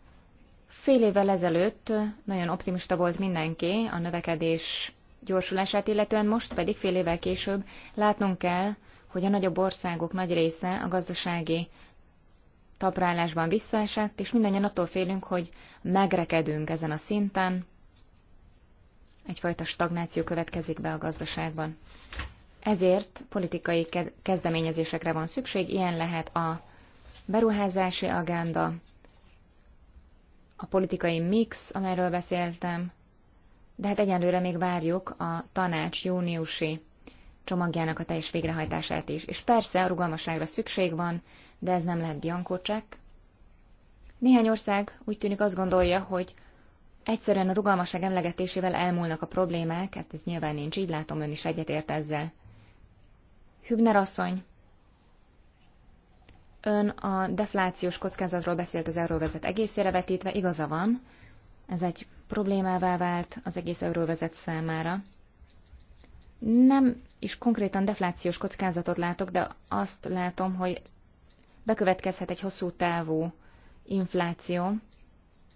Fél évvel ezelőtt nagyon optimista volt mindenki a növekedés gyorsulását, illetően most pedig fél évvel később látnunk kell, hogy a nagyobb országok nagy része a gazdasági taprálásban visszaesett, és mindannyian attól félünk, hogy megrekedünk ezen a szinten, egyfajta stagnáció következik be a gazdaságban. Ezért politikai kezdeményezésekre van szükség, ilyen lehet a beruházási agenda, a politikai mix, amelyről beszéltem, de hát egyenlőre még várjuk a tanács júniusi csomagjának a teljes végrehajtását is. És persze a rugalmasságra szükség van, de ez nem lehet biankócsek. Néhány ország úgy tűnik azt gondolja, hogy egyszerűen a rugalmasság emlegetésével elmúlnak a problémák, hát ez nyilván nincs, így látom ön is egyetért ezzel. Hübner asszony, Ön a deflációs kockázatról beszélt az euróvezet egészére vetítve, igaza van, ez egy problémává vált az egész euróvezet számára. Nem is konkrétan deflációs kockázatot látok, de azt látom, hogy bekövetkezhet egy hosszú távú infláció,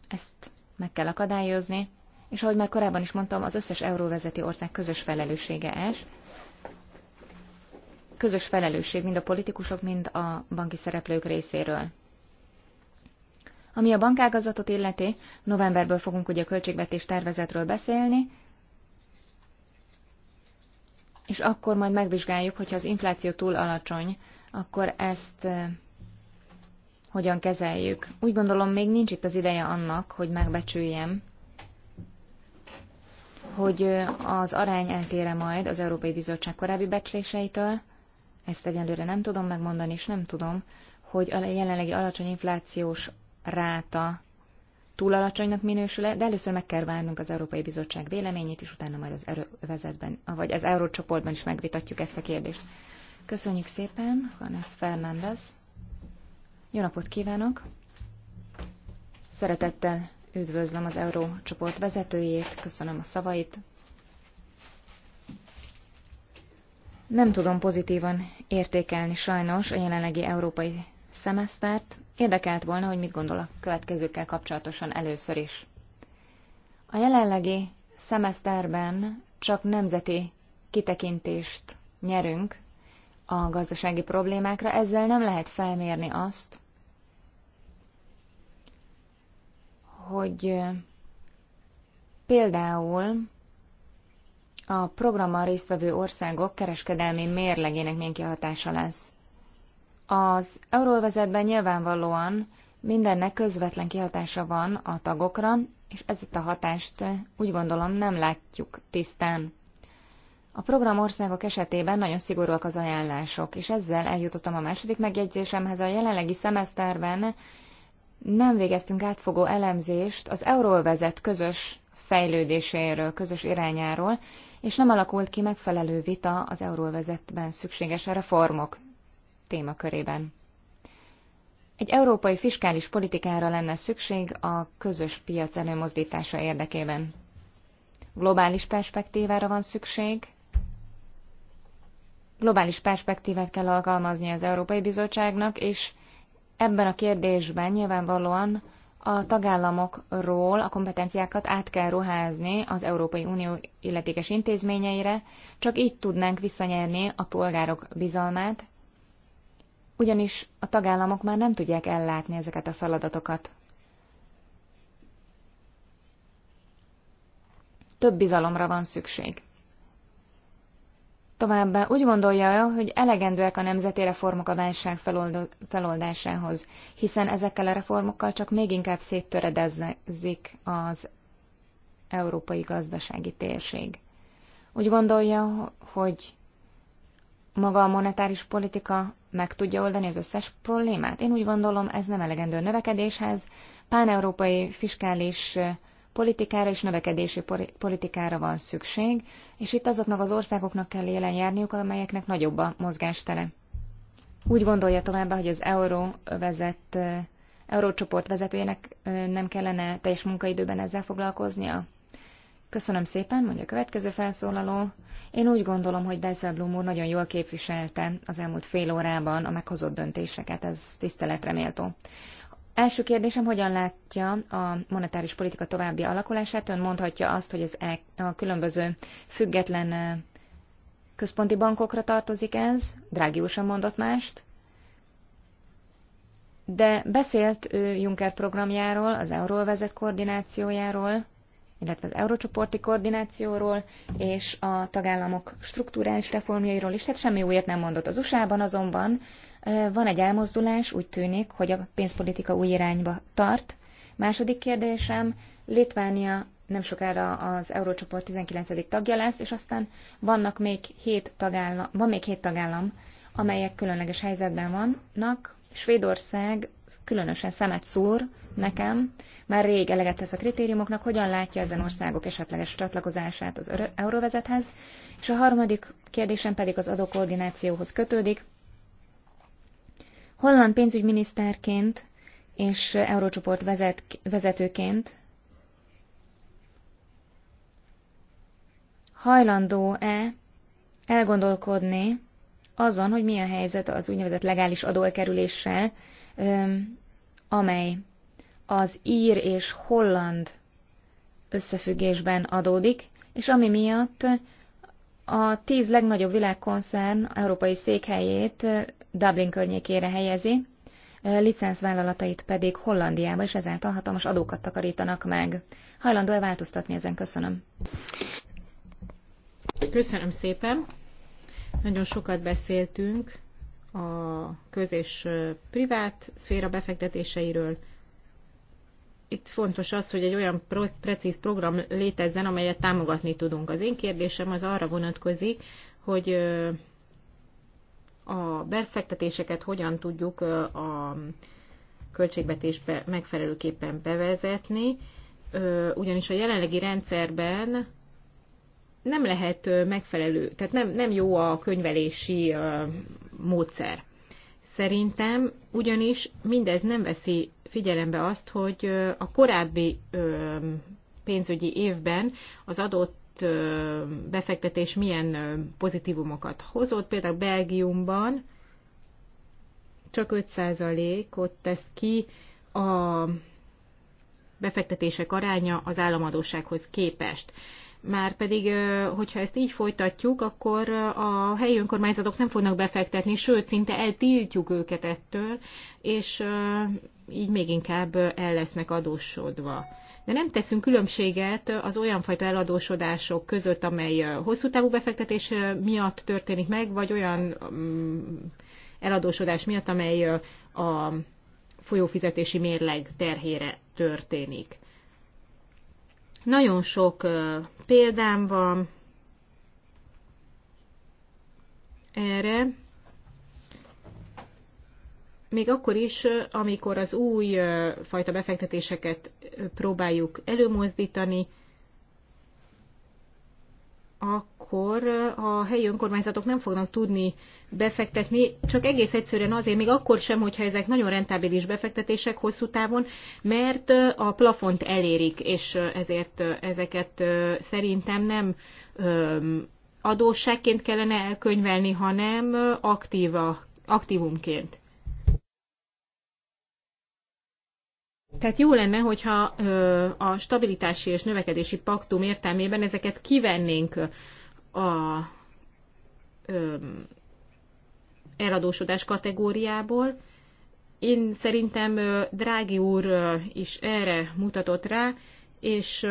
ezt meg kell akadályozni, és ahogy már korábban is mondtam, az összes euróvezeti ország közös felelőssége ez, közös felelősség mind a politikusok, mind a banki szereplők részéről. Ami a bankágazatot illeti, novemberből fogunk ugye a költségvetés tervezetről beszélni, és akkor majd megvizsgáljuk, hogyha az infláció túl alacsony, akkor ezt hogyan kezeljük. Úgy gondolom, még nincs itt az ideje annak, hogy megbecsüljem, hogy az arány eltére majd az Európai Bizottság korábbi becsléseitől, ezt egyelőre nem tudom megmondani, és nem tudom, hogy a jelenlegi alacsony inflációs ráta túl alacsonynak minősül-e, de először meg kell várnunk az Európai Bizottság véleményét, és utána majd az erővezetben, vagy az eurócsoportban is megvitatjuk ezt a kérdést. Köszönjük szépen, Juanes Fernández. Jó napot kívánok! Szeretettel üdvözlöm az eurócsoport vezetőjét, köszönöm a szavait, Nem tudom pozitívan értékelni sajnos a jelenlegi európai szemesztert. Érdekelt volna, hogy mit gondol a következőkkel kapcsolatosan először is. A jelenlegi szemeszterben csak nemzeti kitekintést nyerünk a gazdasági problémákra, ezzel nem lehet felmérni azt, hogy például a programmal résztvevő országok kereskedelmi mérlegének milyen kihatása lesz. Az euróvezetben nyilvánvalóan mindennek közvetlen kihatása van a tagokra, és ezt a hatást eh, úgy gondolom nem látjuk tisztán. A program országok esetében nagyon szigorúak az ajánlások, és ezzel eljutottam a második megjegyzésemhez. A jelenlegi szemeszterben nem végeztünk átfogó elemzést az euróvezet közös fejlődéséről, közös irányáról, és nem alakult ki megfelelő vita az euróvezetben szükséges reformok témakörében. Egy európai fiskális politikára lenne szükség a közös piac előmozdítása érdekében. Globális perspektívára van szükség, globális perspektívát kell alkalmazni az Európai Bizottságnak, és ebben a kérdésben nyilvánvalóan a tagállamokról a kompetenciákat át kell ruházni az Európai Unió illetékes intézményeire, csak így tudnánk visszanyerni a polgárok bizalmát, ugyanis a tagállamok már nem tudják ellátni ezeket a feladatokat. Több bizalomra van szükség. Továbbá úgy gondolja, hogy elegendőek a nemzeti reformok a válság feloldásához, hiszen ezekkel a reformokkal csak még inkább széttöredezik az európai gazdasági térség. Úgy gondolja, hogy maga a monetáris politika meg tudja oldani az összes problémát? Én úgy gondolom, ez nem elegendő növekedéshez. Páneurópai fiskális politikára és növekedési politikára van szükség, és itt azoknak az országoknak kell élen járniuk, amelyeknek nagyobb a mozgástere. Úgy gondolja továbbá, hogy az euró vezet, eurócsoport vezetőjének nem kellene teljes munkaidőben ezzel foglalkoznia? Köszönöm szépen, mondja a következő felszólaló. Én úgy gondolom, hogy Dijsselbloem úr nagyon jól képviselte az elmúlt fél órában a meghozott döntéseket, ez tiszteletre méltó. Első kérdésem, hogyan látja a monetáris politika további alakulását? Ön mondhatja azt, hogy ez e- a különböző független központi bankokra tartozik ez, Drági úr sem mondott mást, de beszélt ő Juncker programjáról, az euróvezet koordinációjáról, illetve az eurócsoporti koordinációról és a tagállamok struktúrális reformjairól is, tehát semmi újat nem mondott. Az USA-ban azonban van egy elmozdulás, úgy tűnik, hogy a pénzpolitika új irányba tart. Második kérdésem, Litvánia nem sokára az Eurócsoport 19. tagja lesz, és aztán vannak még hét tagállam, van még hét tagállam, amelyek különleges helyzetben vannak. Svédország különösen szemet szúr nekem, már rég eleget tesz a kritériumoknak, hogyan látja ezen országok esetleges csatlakozását az euróvezethez. És a harmadik kérdésem pedig az adókoordinációhoz kötődik. Holland pénzügyminiszterként és eurócsoport vezet, vezetőként hajlandó-e elgondolkodni azon, hogy mi a helyzet az úgynevezett legális adóelkerüléssel, amely az ír és holland összefüggésben adódik, és ami miatt a tíz legnagyobb világkoncern európai székhelyét Dublin környékére helyezi, licenszvállalatait pedig Hollandiába, és ezáltal hatalmas adókat takarítanak meg. Hajlandó-e változtatni ezen? Köszönöm. Köszönöm szépen. Nagyon sokat beszéltünk a köz és privát szféra befektetéseiről, itt fontos az, hogy egy olyan precíz program létezzen, amelyet támogatni tudunk. Az én kérdésem az arra vonatkozik, hogy a befektetéseket hogyan tudjuk a költségvetésbe megfelelőképpen bevezetni, ugyanis a jelenlegi rendszerben nem lehet megfelelő, tehát nem, nem jó a könyvelési módszer. Szerintem ugyanis mindez nem veszi figyelembe azt, hogy a korábbi pénzügyi évben az adott befektetés milyen pozitívumokat hozott. Például Belgiumban csak 5%-ot tesz ki a befektetések aránya az államadósághoz képest. Már pedig, hogyha ezt így folytatjuk, akkor a helyi önkormányzatok nem fognak befektetni, sőt, szinte eltiltjuk őket ettől, és így még inkább el lesznek adósodva. De nem teszünk különbséget az olyan fajta eladósodások között, amely hosszú távú befektetés miatt történik meg, vagy olyan mm, eladósodás miatt, amely a folyófizetési mérleg terhére történik. Nagyon sok példám van erre még akkor is, amikor az új fajta befektetéseket próbáljuk előmozdítani, akkor a helyi önkormányzatok nem fognak tudni befektetni, csak egész egyszerűen azért, még akkor sem, hogyha ezek nagyon rentábilis befektetések hosszú távon, mert a plafont elérik, és ezért ezeket szerintem nem adósságként kellene elkönyvelni, hanem aktíva, aktívumként. Tehát jó lenne, hogyha a stabilitási és növekedési paktum értelmében ezeket kivennénk a eladósodás kategóriából. Én szerintem Drági úr is erre mutatott rá, és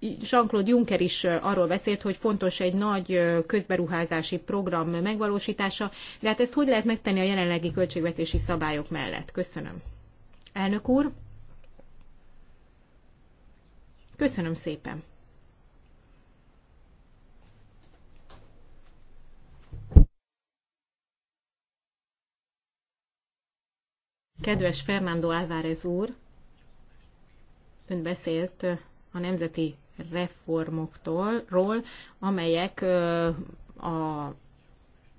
Jean-Claude Juncker is arról beszélt, hogy fontos egy nagy közberuházási program megvalósítása, de hát ezt hogy lehet megtenni a jelenlegi költségvetési szabályok mellett? Köszönöm. Elnök úr! Köszönöm szépen! Kedves Fernando Álvarez úr, ön beszélt a nemzeti reformoktól, ról, amelyek a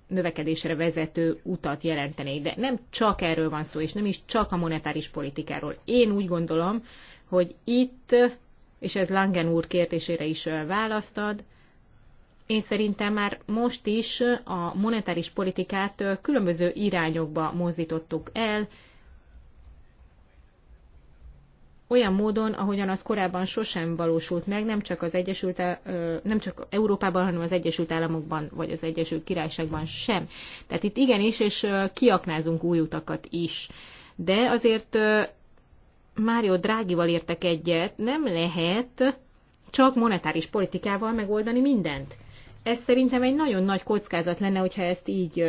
növekedésre vezető utat jelentenék. De nem csak erről van szó, és nem is csak a monetáris politikáról. Én úgy gondolom, hogy itt és ez Langen úr kérdésére is választ ad. Én szerintem már most is a monetáris politikát különböző irányokba mozdítottuk el, olyan módon, ahogyan az korábban sosem valósult meg, nem csak, az Egyesült, nem csak Európában, hanem az Egyesült Államokban, vagy az Egyesült Királyságban sem. Tehát itt igenis, és kiaknázunk új utakat is. De azért Mário Drágival értek egyet, nem lehet csak monetáris politikával megoldani mindent. Ez szerintem egy nagyon nagy kockázat lenne, hogyha ezt így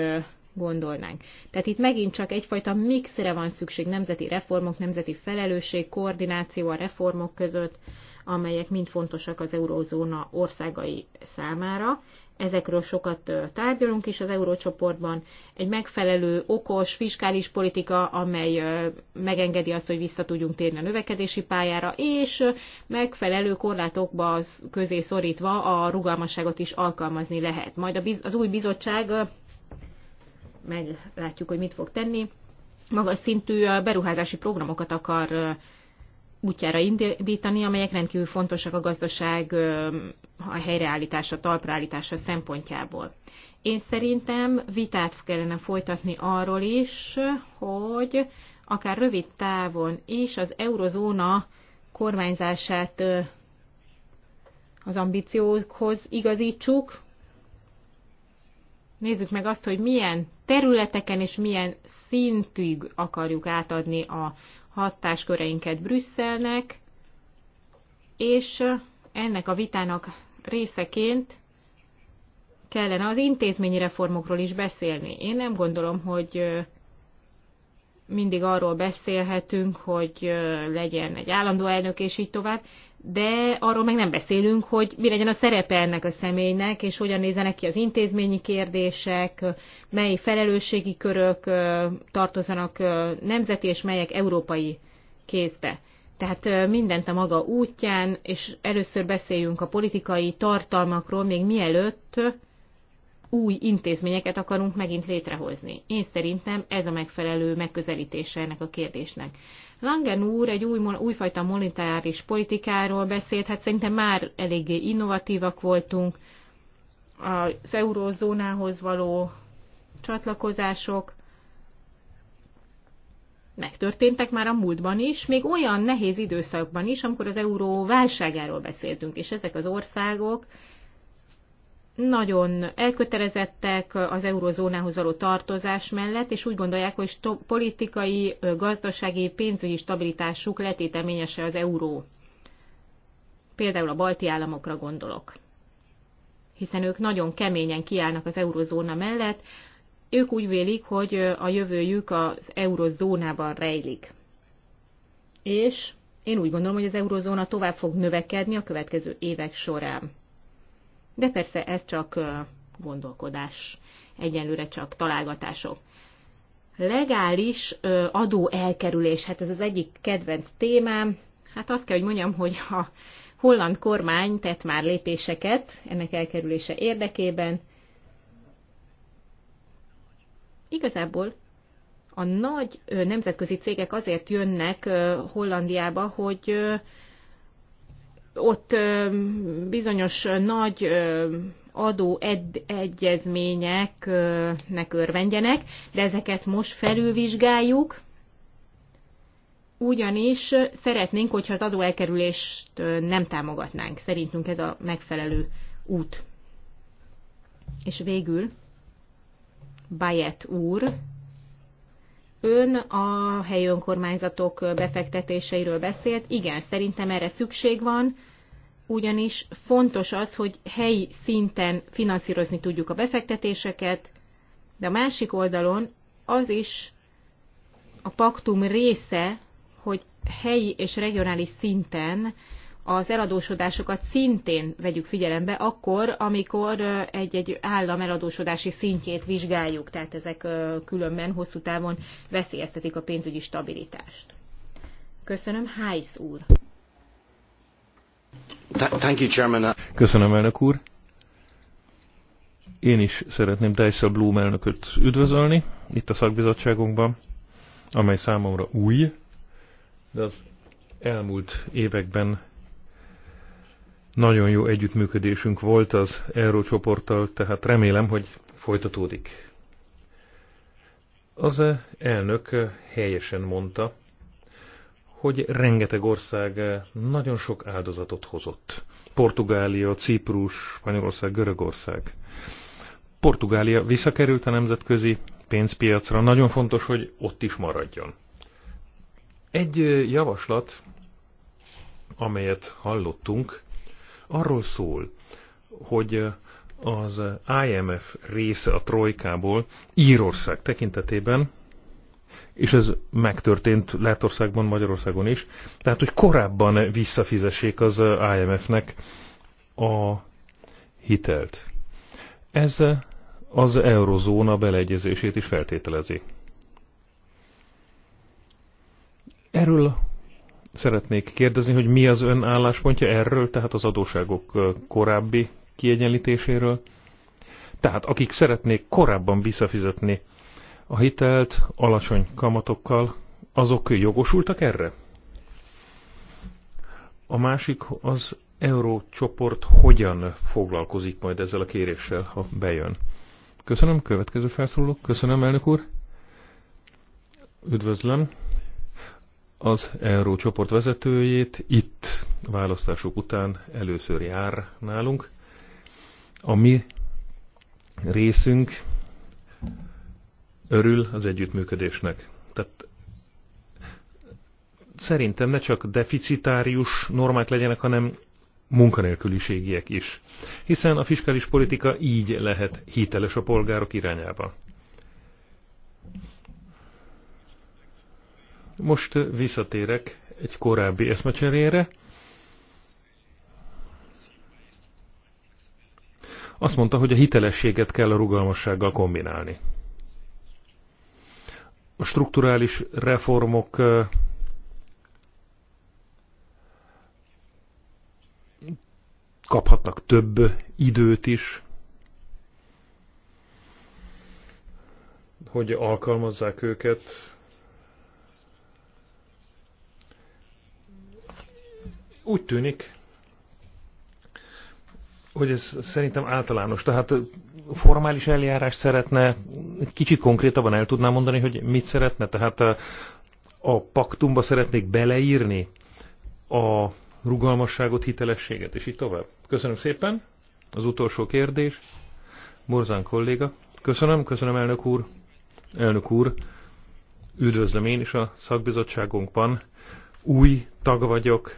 gondolnánk. Tehát itt megint csak egyfajta mixre van szükség nemzeti reformok, nemzeti felelősség, koordináció a reformok között amelyek mind fontosak az eurózóna országai számára. Ezekről sokat tárgyalunk is az eurócsoportban. Egy megfelelő, okos fiskális politika, amely megengedi azt, hogy vissza tudjunk térni a növekedési pályára, és megfelelő korlátokba közé szorítva a rugalmasságot is alkalmazni lehet. Majd az új bizottság meglátjuk, hogy mit fog tenni. Magas szintű beruházási programokat akar útjára indítani, amelyek rendkívül fontosak a gazdaság a helyreállítása, talpraállítása szempontjából. Én szerintem vitát kellene folytatni arról is, hogy akár rövid távon is az eurozóna kormányzását az ambíciókhoz igazítsuk. Nézzük meg azt, hogy milyen területeken és milyen szintűg akarjuk átadni a hatásköreinket Brüsszelnek, és ennek a vitának részeként kellene az intézményi reformokról is beszélni. Én nem gondolom, hogy mindig arról beszélhetünk, hogy legyen egy állandó elnök, és így tovább, de arról meg nem beszélünk, hogy mi legyen a szerepe ennek a személynek, és hogyan nézenek ki az intézményi kérdések, mely felelősségi körök tartozanak nemzeti, és melyek európai kézbe. Tehát mindent a maga útján, és először beszéljünk a politikai tartalmakról, még mielőtt új intézményeket akarunk megint létrehozni. Én szerintem ez a megfelelő megközelítése ennek a kérdésnek. Langen úr egy új, újfajta monetáris politikáról beszélt, hát szerintem már eléggé innovatívak voltunk, az eurózónához való csatlakozások megtörténtek már a múltban is, még olyan nehéz időszakban is, amikor az euró válságáról beszéltünk, és ezek az országok nagyon elkötelezettek az eurozónához való tartozás mellett, és úgy gondolják, hogy politikai, gazdasági, pénzügyi stabilitásuk letéteményese az euró. Például a balti államokra gondolok. Hiszen ők nagyon keményen kiállnak az eurozóna mellett, ők úgy vélik, hogy a jövőjük az eurozónában rejlik. És én úgy gondolom, hogy az eurozóna tovább fog növekedni a következő évek során. De persze ez csak gondolkodás, egyelőre csak találgatások. Legális adó elkerülés, hát ez az egyik kedvenc témám. Hát azt kell, hogy mondjam, hogy a holland kormány tett már lépéseket ennek elkerülése érdekében. Igazából a nagy nemzetközi cégek azért jönnek Hollandiába, hogy ott bizonyos nagy adó egyezményeknek örvendjenek, de ezeket most felülvizsgáljuk, ugyanis szeretnénk, hogyha az adóelkerülést nem támogatnánk. Szerintünk ez a megfelelő út. És végül Bayet úr Ön a helyi önkormányzatok befektetéseiről beszélt. Igen, szerintem erre szükség van, ugyanis fontos az, hogy helyi szinten finanszírozni tudjuk a befektetéseket, de a másik oldalon az is a paktum része, hogy helyi és regionális szinten az eladósodásokat szintén vegyük figyelembe akkor, amikor egy-egy állam eladósodási szintjét vizsgáljuk, tehát ezek különben hosszú távon veszélyeztetik a pénzügyi stabilitást. Köszönöm, Heiss úr. Thank you, Chairman. Köszönöm, elnök úr. Én is szeretném Dyson Bloom elnököt üdvözölni itt a szakbizottságunkban, amely számomra új, de az elmúlt években nagyon jó együttműködésünk volt az Eurócsoporttal, tehát remélem, hogy folytatódik. Az elnök helyesen mondta, hogy rengeteg ország nagyon sok áldozatot hozott. Portugália, Ciprus, Spanyolország, Görögország. Portugália visszakerült a nemzetközi pénzpiacra, nagyon fontos, hogy ott is maradjon. Egy javaslat, amelyet hallottunk, arról szól, hogy az IMF része a trojkából Írország tekintetében, és ez megtörtént Lettországban, Magyarországon is, tehát hogy korábban visszafizessék az IMF-nek a hitelt. Ez az eurozóna beleegyezését is feltételezi. Erről szeretnék kérdezni, hogy mi az ön álláspontja erről, tehát az adóságok korábbi kiegyenlítéséről. Tehát akik szeretnék korábban visszafizetni a hitelt alacsony kamatokkal, azok jogosultak erre? A másik az eurócsoport hogyan foglalkozik majd ezzel a kéréssel, ha bejön. Köszönöm, következő felszóló. Köszönöm, elnök úr. Üdvözlöm az Euró csoport vezetőjét itt választások után először jár nálunk. A mi részünk örül az együttműködésnek. Tehát szerintem ne csak deficitárius normák legyenek, hanem munkanélküliségiek is. Hiszen a fiskális politika így lehet hiteles a polgárok irányába. Most visszatérek egy korábbi eszmecserére. Azt mondta, hogy a hitelességet kell a rugalmassággal kombinálni. A strukturális reformok kaphatnak több időt is, hogy alkalmazzák őket Úgy tűnik, hogy ez szerintem általános. Tehát formális eljárást szeretne, egy kicsit konkrétabban el tudná mondani, hogy mit szeretne. Tehát eh, a paktumba szeretnék beleírni a rugalmasságot, hitelességet, és így tovább. Köszönöm szépen. Az utolsó kérdés. Morzán kolléga. Köszönöm, köszönöm elnök úr. Elnök úr, üdvözlöm én is a szakbizottságunkban. Új tag vagyok,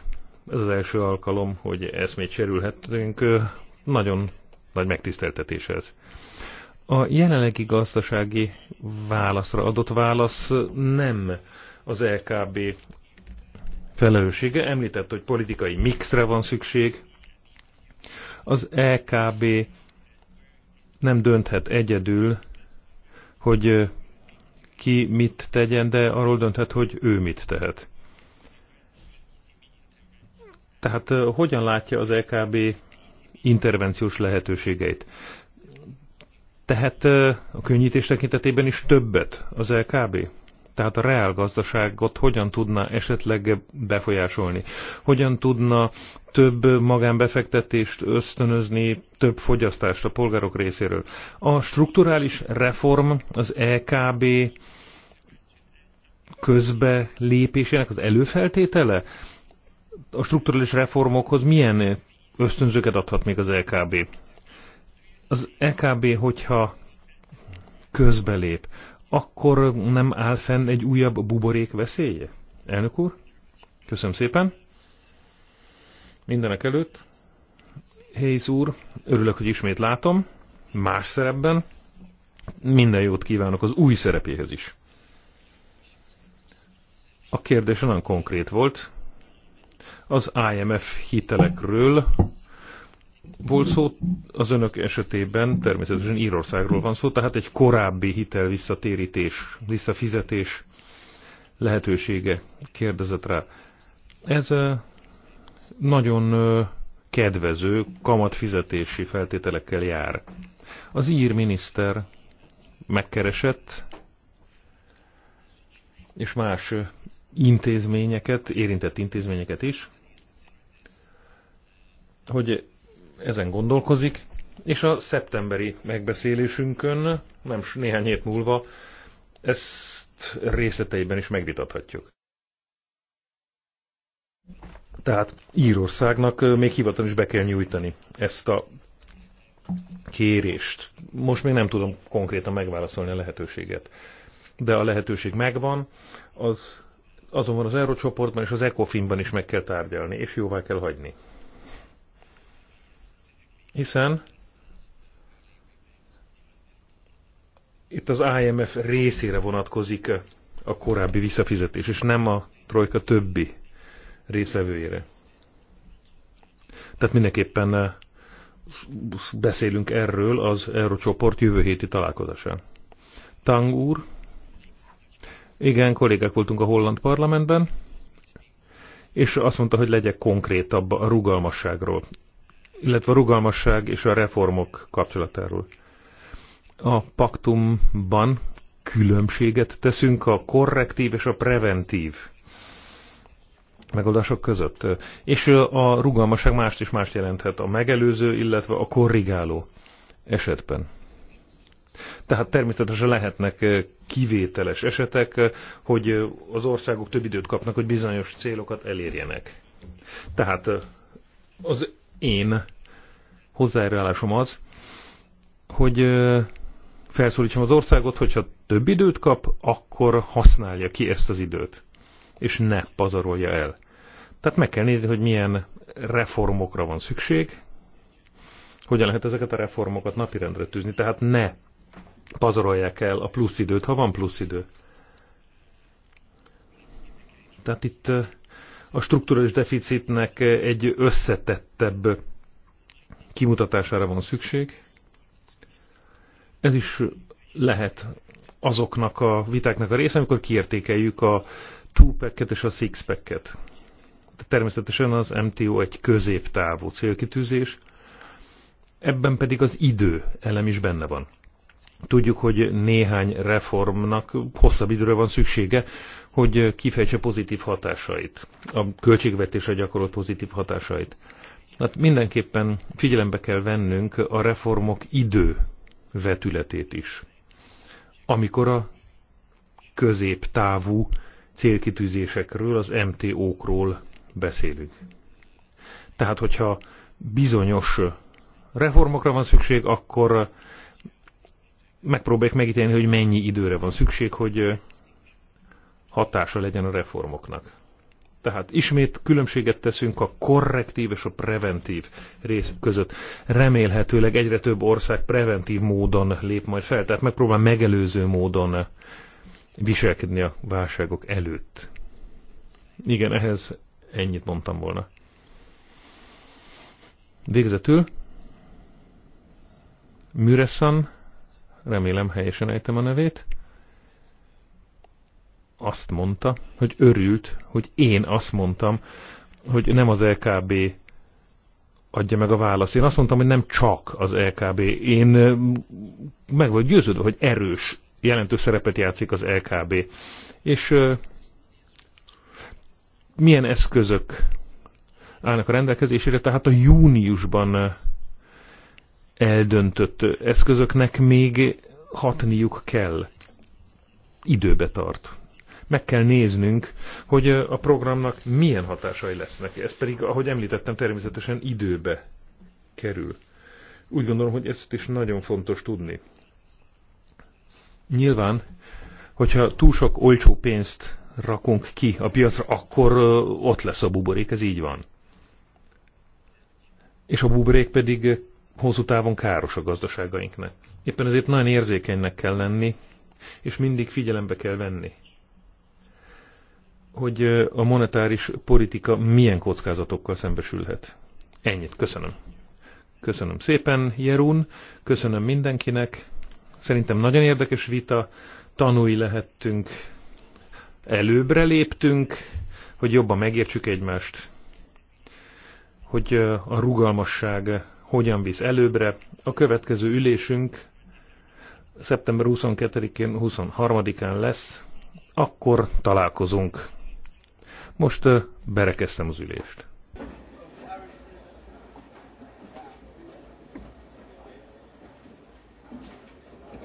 ez az első alkalom, hogy eszmét sérülhetünk. Nagyon nagy megtiszteltetés ez. A jelenlegi gazdasági válaszra adott válasz nem az LKB felelőssége. Említett, hogy politikai mixre van szükség. Az LKB nem dönthet egyedül, hogy ki mit tegyen, de arról dönthet, hogy ő mit tehet. Tehát hogyan látja az EKB intervenciós lehetőségeit? Tehát a könnyítés tekintetében is többet az LKB? E Tehát a reál gazdaságot hogyan tudna esetleg befolyásolni? Hogyan tudna több magánbefektetést ösztönözni, több fogyasztást a polgárok részéről? A strukturális reform az LKB e közbe lépésének az előfeltétele? a strukturális reformokhoz milyen ösztönzőket adhat még az LKB? Az LKB, hogyha közbelép, akkor nem áll fenn egy újabb buborék veszélye? Elnök úr, köszönöm szépen. Mindenek előtt, Hayes úr, örülök, hogy ismét látom, más szerepben. Minden jót kívánok az új szerepéhez is. A kérdés olyan konkrét volt, az IMF hitelekről volt szó az önök esetében, természetesen Írországról van szó, tehát egy korábbi hitel visszatérítés, visszafizetés lehetősége kérdezett rá. Ez nagyon kedvező kamatfizetési feltételekkel jár. Az ír miniszter megkeresett, és más intézményeket, érintett intézményeket is, hogy ezen gondolkozik, és a szeptemberi megbeszélésünkön, nem néhány hét múlva, ezt részleteiben is megvitathatjuk. Tehát Írországnak még hivatal is be kell nyújtani ezt a kérést. Most még nem tudom konkrétan megválaszolni a lehetőséget. De a lehetőség megvan, az, azonban az Eurocsoportban és az ECOFIN-ban is meg kell tárgyalni, és jóvá kell hagyni hiszen itt az IMF részére vonatkozik a korábbi visszafizetés, és nem a trojka többi részvevőjére. Tehát mindenképpen eh, beszélünk erről az Eurocsoport jövő héti találkozásán. Tang úr, igen, kollégák voltunk a holland parlamentben, és azt mondta, hogy legyek konkrétabb a rugalmasságról illetve a rugalmasság és a reformok kapcsolatáról. A paktumban különbséget teszünk a korrektív és a preventív megoldások között. És a rugalmasság mást is mást jelenthet a megelőző, illetve a korrigáló esetben. Tehát természetesen lehetnek kivételes esetek, hogy az országok több időt kapnak, hogy bizonyos célokat elérjenek. Tehát az én hozzájárulásom az, hogy felszólítsam az országot, hogyha több időt kap, akkor használja ki ezt az időt, és ne pazarolja el. Tehát meg kell nézni, hogy milyen reformokra van szükség, hogyan lehet ezeket a reformokat napirendre tűzni, tehát ne pazarolják el a plusz időt, ha van plusz idő. Tehát itt a strukturális deficitnek egy összetettebb kimutatására van szükség. Ez is lehet azoknak a vitáknak a része, amikor kiértékeljük a two-packet és a six-packet. Természetesen az MTO egy középtávú célkitűzés, ebben pedig az idő elem is benne van. Tudjuk, hogy néhány reformnak hosszabb időre van szüksége, hogy kifejtse pozitív hatásait, a költségvetésre gyakorolt pozitív hatásait. Hát mindenképpen figyelembe kell vennünk a reformok idő vetületét is, amikor a középtávú célkitűzésekről, az MTO-król beszélünk. Tehát, hogyha bizonyos reformokra van szükség, akkor megpróbáljuk megítélni, hogy mennyi időre van szükség, hogy hatása legyen a reformoknak. Tehát ismét különbséget teszünk a korrektív és a preventív rész között. Remélhetőleg egyre több ország preventív módon lép majd fel, tehát megpróbál megelőző módon viselkedni a válságok előtt. Igen, ehhez ennyit mondtam volna. Végzetül, Müresan, remélem helyesen ejtem a nevét, azt mondta, hogy örült, hogy én azt mondtam, hogy nem az LKB adja meg a választ. Én azt mondtam, hogy nem csak az LKB. Én meg vagy győződve, hogy erős, jelentős szerepet játszik az LKB. És milyen eszközök állnak a rendelkezésére, tehát a júniusban eldöntött eszközöknek még hatniuk kell. Időbe tart meg kell néznünk, hogy a programnak milyen hatásai lesznek. Ez pedig, ahogy említettem, természetesen időbe kerül. Úgy gondolom, hogy ezt is nagyon fontos tudni. Nyilván, hogyha túl sok olcsó pénzt rakunk ki a piacra, akkor ott lesz a buborék, ez így van. És a buborék pedig hosszú távon káros a gazdaságainknak. Éppen ezért nagyon érzékenynek kell lenni, és mindig figyelembe kell venni, hogy a monetáris politika milyen kockázatokkal szembesülhet. Ennyit, köszönöm. Köszönöm szépen, Jerún, köszönöm mindenkinek. Szerintem nagyon érdekes vita, tanúi lehettünk, előbbre léptünk, hogy jobban megértsük egymást, hogy a rugalmasság hogyan visz előbbre. A következő ülésünk szeptember 22-én, 23-án lesz, akkor találkozunk. Most berekeztem az ülést.